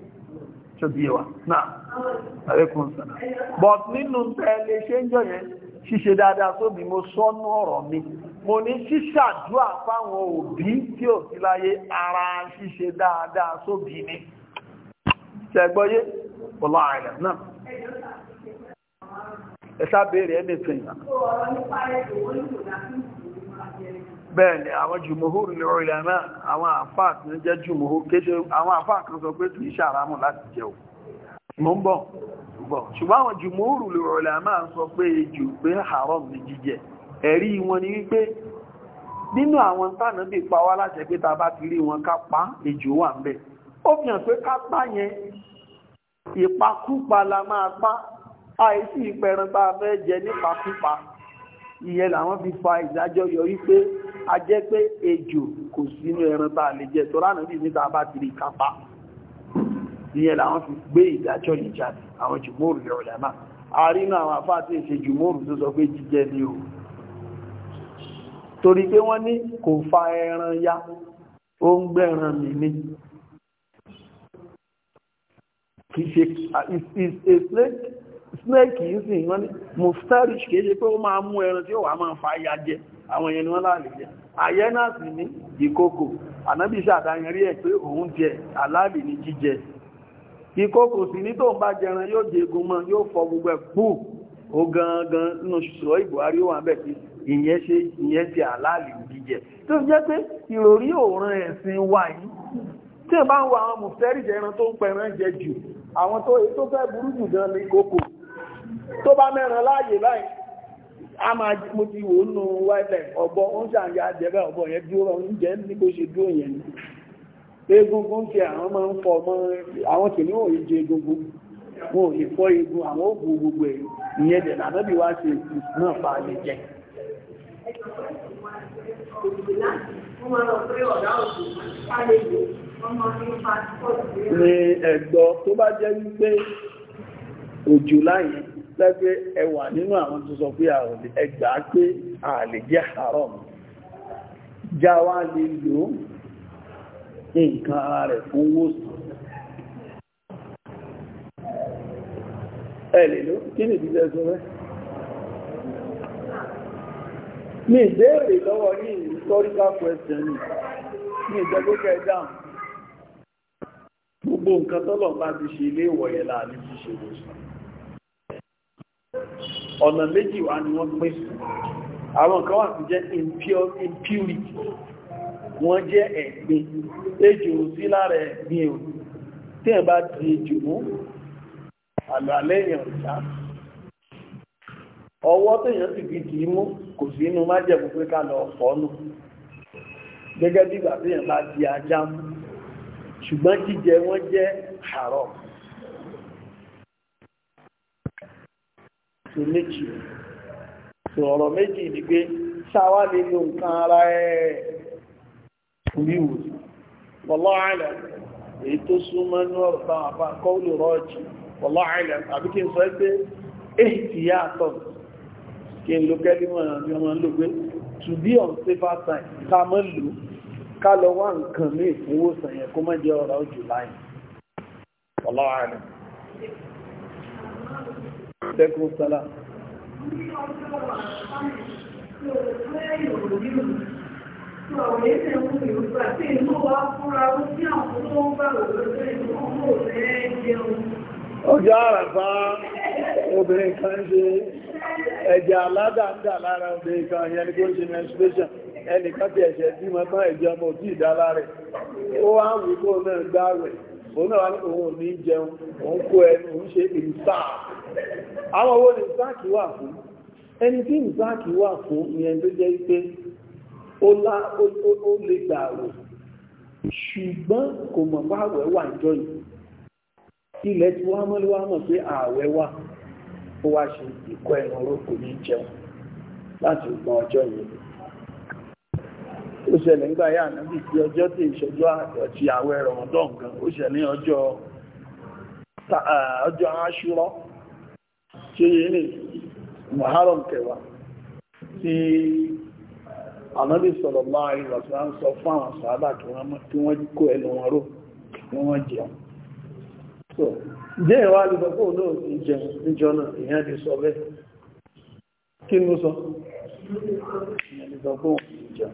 tó bí wa náà àríkùn sọ́nà but nínú tẹ́lẹ̀ ṣe ń jọ yẹn ṣíṣe dáadáa sóbi mo sọ́nú ọ̀rọ̀ mi mo ní ṣíṣàdúrà fáwọn òbí tí ò sí láyé ara ṣíṣe dáadáa sóbi ni ṣẹgbọ́yé ọlá àìlẹ̀ náà ẹ̀ṣá béèrè ẹnìkan bẹ́ẹ̀ni àwọn jùmòhúr ní ulama àwọn àfáà tí ó jẹ́ jùmòhúr kéṣe àwọn àfáà kan sọ pé kìí ṣàrámù láti jẹun mọ́ ń bọ̀ ṣùgbọ́n àwọn jùmòhúr ní ulama sọ pé jù pé haram ní jíjẹ ẹ̀rí wọn ni wípé nínú àwọn tánà bí pa wá láṣẹ pé ta bá ti rí wọn ká pa ejò wà ń bẹ̀ ó fi hàn pé ká pa yẹn ìpakúpa la máa pa àìsí ìpẹran fẹ́ jẹ nípakúpa ìyẹn làwọn fi fa ìdájọ́ yọrí pé a jẹ́ pé ejò kò sínú ẹran tá a lè jẹ tó ránà bí níta bá ti rí kápá ìyẹn làwọn fi gbé ìdájọ́ yìí jáde àwọn jùmọ́rù yọ̀rọ̀lẹ̀ náà a àwọn afá ìṣe jùmọ́rù tó sọ pé jíjẹ ni o torí pé wọ́n ní kò fa ẹran ya ó ń gbẹ̀ran mi ní kì ṣe is a snake yìí sì wọ́n ní mustarish kìí ṣe pé ó máa mú ẹran tí ó wà máa fa ya jẹ àwọn èèyàn ni wọ́n láàlè jẹ ayẹ́ náà sì ní ìkókò ànábì ṣàdáyẹn rí ẹ̀ pé òun jẹ aláàlè ní jíjẹ ìkókò sì ní tó ń bá jẹran yóò jẹ egun mọ́ yóò fọ gbogbo ẹ̀ pù ó gangan nínú ṣùṣọ́ ìbùhárí ó wà bẹ̀ sí ìyẹn ṣe ìyẹn ti aláàlè ní jíjẹ tó jẹ́ pé ìròrí òòrùn ẹ̀sìn wà yìí tí ẹ ń wo àwọn mustarish ẹran tó ń pẹran jẹ jù àwọn tó fẹ́ burú jù gan ní kókò tó bá mẹ́ran láàyè báyìí a máa mo ti wò nù wáìlẹ̀ ọ̀bọ ń ṣàǹyà jẹ́bẹ̀ ọ̀bọ yẹn dúró ń jẹ́ ní bó ṣe dúró yẹn egungun ti àwọn máa ń fọ ọmọ àwọn kìíní òye jẹ egungun wọn ò lè fọ egun àwọn òògùn gbogbo ẹ̀ ìyẹn dẹ̀ lànà bí wá ṣe náà pa lè jẹ ní ẹ̀gbọ́ tó bá jẹ́ wípé òjò láyé tẹ́gbé ẹwà nínú àwọn tó sọ pé àwọn ẹgbà pé ààlè jẹ́ haram jáwá lè lò nǹkan ara rẹ̀ fún wòsàn ẹ lè lò kí ni ìdíjẹ́ sọ rẹ̀ ní ìbéèrè lọ́wọ́ ní historical question ní ìjẹ́gbẹ́gbẹ́ dáhùn gbogbo nǹkan tọ́lọ̀ bá ti ṣe ilé ìwọ̀yẹ̀ láàrin ṣíṣe wòsàn ọ̀nà méjì wà ní wọ́n pín àwọn kan wà tó jẹ́ impurity wọ́n jẹ́ ẹ̀gbin ejò sí lára ẹ̀gbin o tí ẹ̀ bá di ejò mú àlọ́ àlẹ́yìn ọ̀já ọwọ́ tèèyàn sì fi kì í mú kò sí inú májẹ̀mú pé ká lọ fọ́nù gẹ́gẹ́ bí ìgbà tèèyàn bá di ajá mú ṣùgbọ́n jíjẹ wọ́n jẹ́ haram tó méjì ọ̀rọ̀ méjì ni pé ṣáwá lè nǹkan ara ẹ̀ oríwòsàn wallahu a'lam èyí tó súnmọ́ ní ọ̀rọ̀ bá àbá kọ́ọ̀lù rọ́ọ̀jì àbí kí n sọ pé ihtiyatan kí n lo ní ọmọ to be on lò ká Tẹ́kùn sálá. Ọjọ́ àràbá obìnrin kan ṣe ẹ̀jẹ̀ aládàndà lára obìnrin kan yẹn ni kó ṣe menstruation ẹnìkan ti ẹ̀ṣẹ̀ bí mọ́ tán ẹ̀jẹ̀ ọmọ òun náà ní òun ò ní jẹun òun kó ẹni òun ṣe ìrùsáà àwọn owó ní ìsáàkì wà fún ẹni tí ìsáàkì wà fún ẹni tó jẹ́ pé ó lè gbà rò ṣùgbọ́n kò mọ̀ àwẹ̀ wà ń yìí ilẹ̀ tí wọ́n mọ̀ pé wà ó wá ṣe ìkọ́ ẹ̀rọ ní yìí ó ṣẹlẹ̀ nígbà yà náàbì tí ọjọ́ tí ìṣẹ́jọ́ àti àwẹ̀ rọ̀mọ́dọ́ nǹkan ó ṣẹlẹ̀ ọjọ́ ọjọ́ aṣúrọ́ tí yìí ní Muharram kẹwàá tí ànábì sọ̀rọ̀ láàrin sọ fún àwọn sàádà kí wọ́n kó ẹnu wọn ró kí wọ́n jẹun so jẹ́ ìwà níjọ sọ bẹ́ẹ̀ kí sọ ìyẹn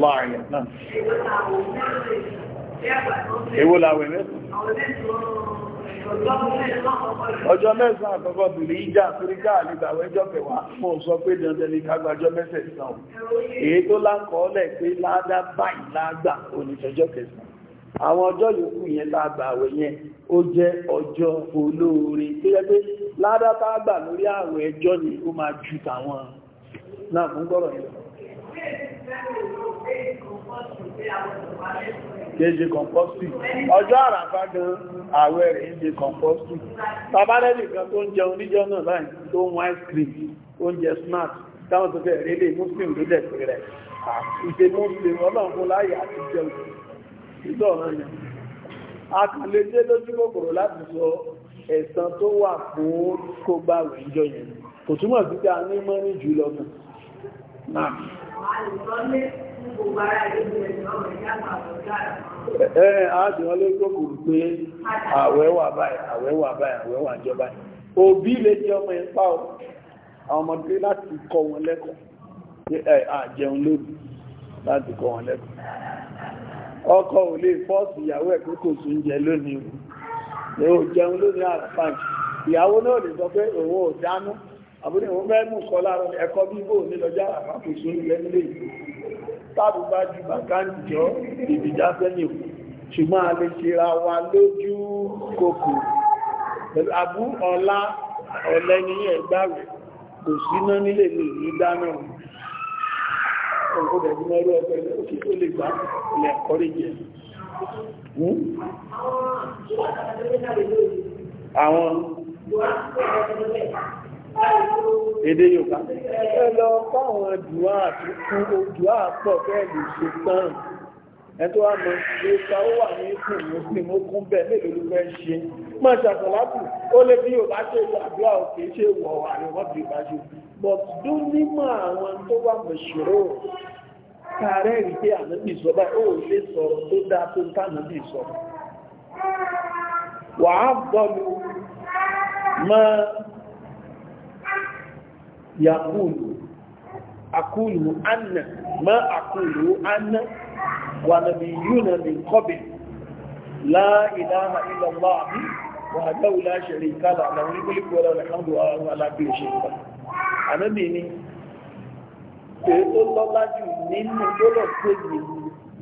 láàrin náà èwo làwẹ̀ mẹ́sàn ọjọ́ mẹ́sàn àkọ́kọ́ bìlì ìjà torí káà nígbà wẹ́jọ́ kẹwàá mọ́ sọ pé dandan ní kágbàjọ́ mẹ́sẹ̀sàn èyí tó lákọọ́lẹ̀ pé ládá báyìí lágbà oníṣọjọ́ kẹsàn àwọn ọjọ́ yòókù yẹn lágbà àwẹ̀ yẹn ó jẹ́ ọjọ́ olóore tó yẹ pé ládá tá gbà lórí àwẹ̀ ẹjọ́ ni ó máa ju tàwọn náà fún gbọ́rọ̀ yẹn kéèṣe kọ̀mpọ́sì ọjọ́ àràfá gan àwẹ̀ rẹ̀ ń ṣe kọ̀mpọ́sì tàbárẹ́lì kan tó ń jẹ oníjọ́ náà láì tó ń wá ìsìnkì oúnjẹ smart táwọn tó fẹ́ rẹ̀ lè muslim ló dẹ̀ pé rẹ̀ ìṣe muslim ọlọ́run fún láyé àti jẹun ìṣọ́ ọ̀ràn yẹn a kàn lè dé lójú kòkòrò láti sọ ẹ̀san tó wà fún kó gbà rẹ̀ ń jọ yẹn a ní mọ́ ní jù Ẹ ẹ́ àádùn ọlọ́jọ́ kò rú pé wà báyìí, wà báyìí, wà jọ báyìí. Òbí lè ọmọ ẹ̀pá ọ̀, àwọn ọmọdé láti kọ wọn lẹ́kọ̀ọ́, àjẹun lóbi kọ wọn lẹ́kọ̀ọ́. ò lè fọ́ọ̀sì ìyàwó ẹ̀ kò sún jẹ lónìí, ò jẹun lónìí Ìyàwó náà lè sọ àbúrò ìwọ̀n bẹ́ẹ̀ mú kọ́ láàrọ̀ ẹ̀kọ́ bíbò nílọjá àpapọ̀sọ lẹ́lẹ́ tábù bá ju bàkáǹjọ́ ìdìjà sẹ́yìn ṣùgbọ́n a lè ṣera wa lójú kòkò àbú ọlá ọ̀lẹ́ni ẹgbàrẹ̀ kò síná nílé mi ní dáná ọ̀rọ̀ ẹ̀gbọ́n ọ̀rọ̀ ọ̀pẹ̀ lẹ́ọ̀kì tó lè gbá ilẹ̀ ẹ̀kọ́rí jẹ hmm? àwọn èdè Yorùbá ẹ lọ fáwọn dùá fún dùá pọ̀ bẹ́ẹ̀ lè ṣe tán ẹ tó wà mọ ìka ó wà ní ìsìn muslim ó kún bẹ́ẹ̀ mélòó ló fẹ́ ṣe máa ṣàtọ̀lápù ó lé bí Yorùbá ṣe lọ àdúrà òkè ṣe wọ̀ wà ní wọ́n bí Yorùbá ṣe but dún nímọ̀ àwọn tó wà mọ̀ṣòro kààrẹ́ rí pé ànábì sọ báyìí ó lè sọ̀rọ̀ tó yaqulu aqulu anna ma aqulu anna wa nabiyyuna min qabl la ilaha illa allah wàhálàwò láṣẹ̀rẹ̀ ìkálà àwọn ìgbìlìkò ọ̀rọ̀ alẹ́kàndò àwọn alábí òṣèlú ànábì ni èyí tó lọ́lájú nínú lọ́lọ́ péjì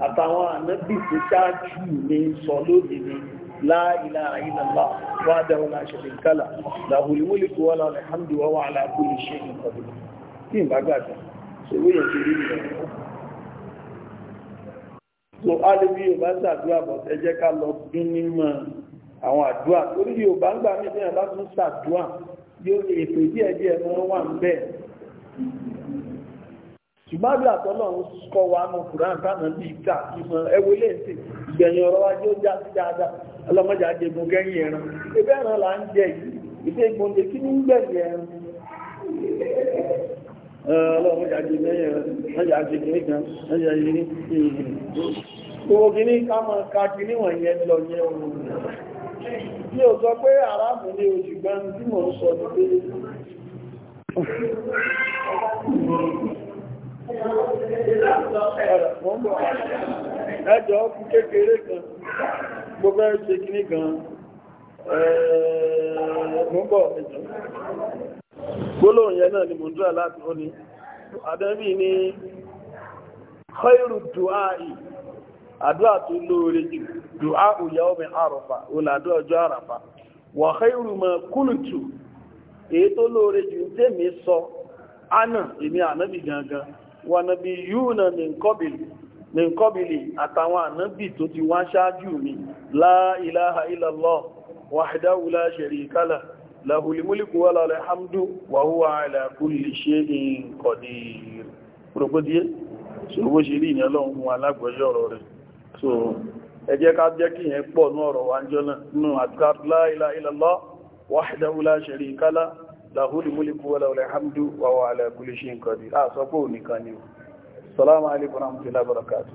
àtàwọn ànábì tó ṣáájú ní sọ lónìí ni لا إله إلا الله وحده لا شريك له له الملك وله الحمد وهو على كل شيء قدير tí n bá gbàgbà ṣòwò yẹn ti rí nìyẹn so alibi yorùbá ṣàdúrà bọ̀ ẹ ká lọ dún nímọ̀ àwọn àdúrà torí yorùbá ń gbà mí bá tún ṣàdúrà yóò lè ètò díẹ̀ díẹ̀ wọn wà ń bẹ ṣùgbọ́n àdúrà tọ́lọ̀ ń kọ́ wa mọ̀ kúrán táwọn bíi ká kí mọ ìgbẹ̀yìn ọ̀rọ̀ wa yóò já sí dáadáa ọlọ́mọdé àjẹgùn kẹ́yìn ẹran ebe ẹran là ń jẹ yìí ìfẹ́ ìgbóǹde kí ní gbẹ̀yìn ẹran ọlọ́mọdé àjẹgùn ẹran ọjà àjẹgùn kan ọjà yìí owó kìíní ká máa ka kìíní wọ̀nyẹn lọ yẹn o mi ò sọ pé aráàmù ní oṣù gbáǹdì mọ̀ ń sọ ní pé ẹjọ́ ọkùn kékeré kan gbogbo ẹ̀ṣẹ́ kìíní gan ẹ̀ẹ̀mọ́bọ̀ ẹjọ́ gbólóhùn yẹn náà ni mo ń dúrà láti ó ní àdẹ́bì ní khairu du'ai àdúrà tó lóore jù du'a yawmi àrọ̀fà olàdúrà ọjọ́ àràfà wà khairu ma kúlùtù èyí tó lóore jù tèmi sọ ánà èmi ànábì gangan wà nàbí yúùnà nìkọ́bìlì àtàwọn ànábì tó ti wá ṣáájú mi la ilaha illallah wahdahu la sharika lah lahul mulku wa lahul hamdu wa huwa ala kulli shay'in qadir propodie so bo se ri ni Ọlọ́hun lahuli múlìkú wọ́lá olè hamdu wa wa ala kulli shay'in qadir a ah, sọ pé òníkan ni o salamu alaikum warahmatullahi wabarakatuh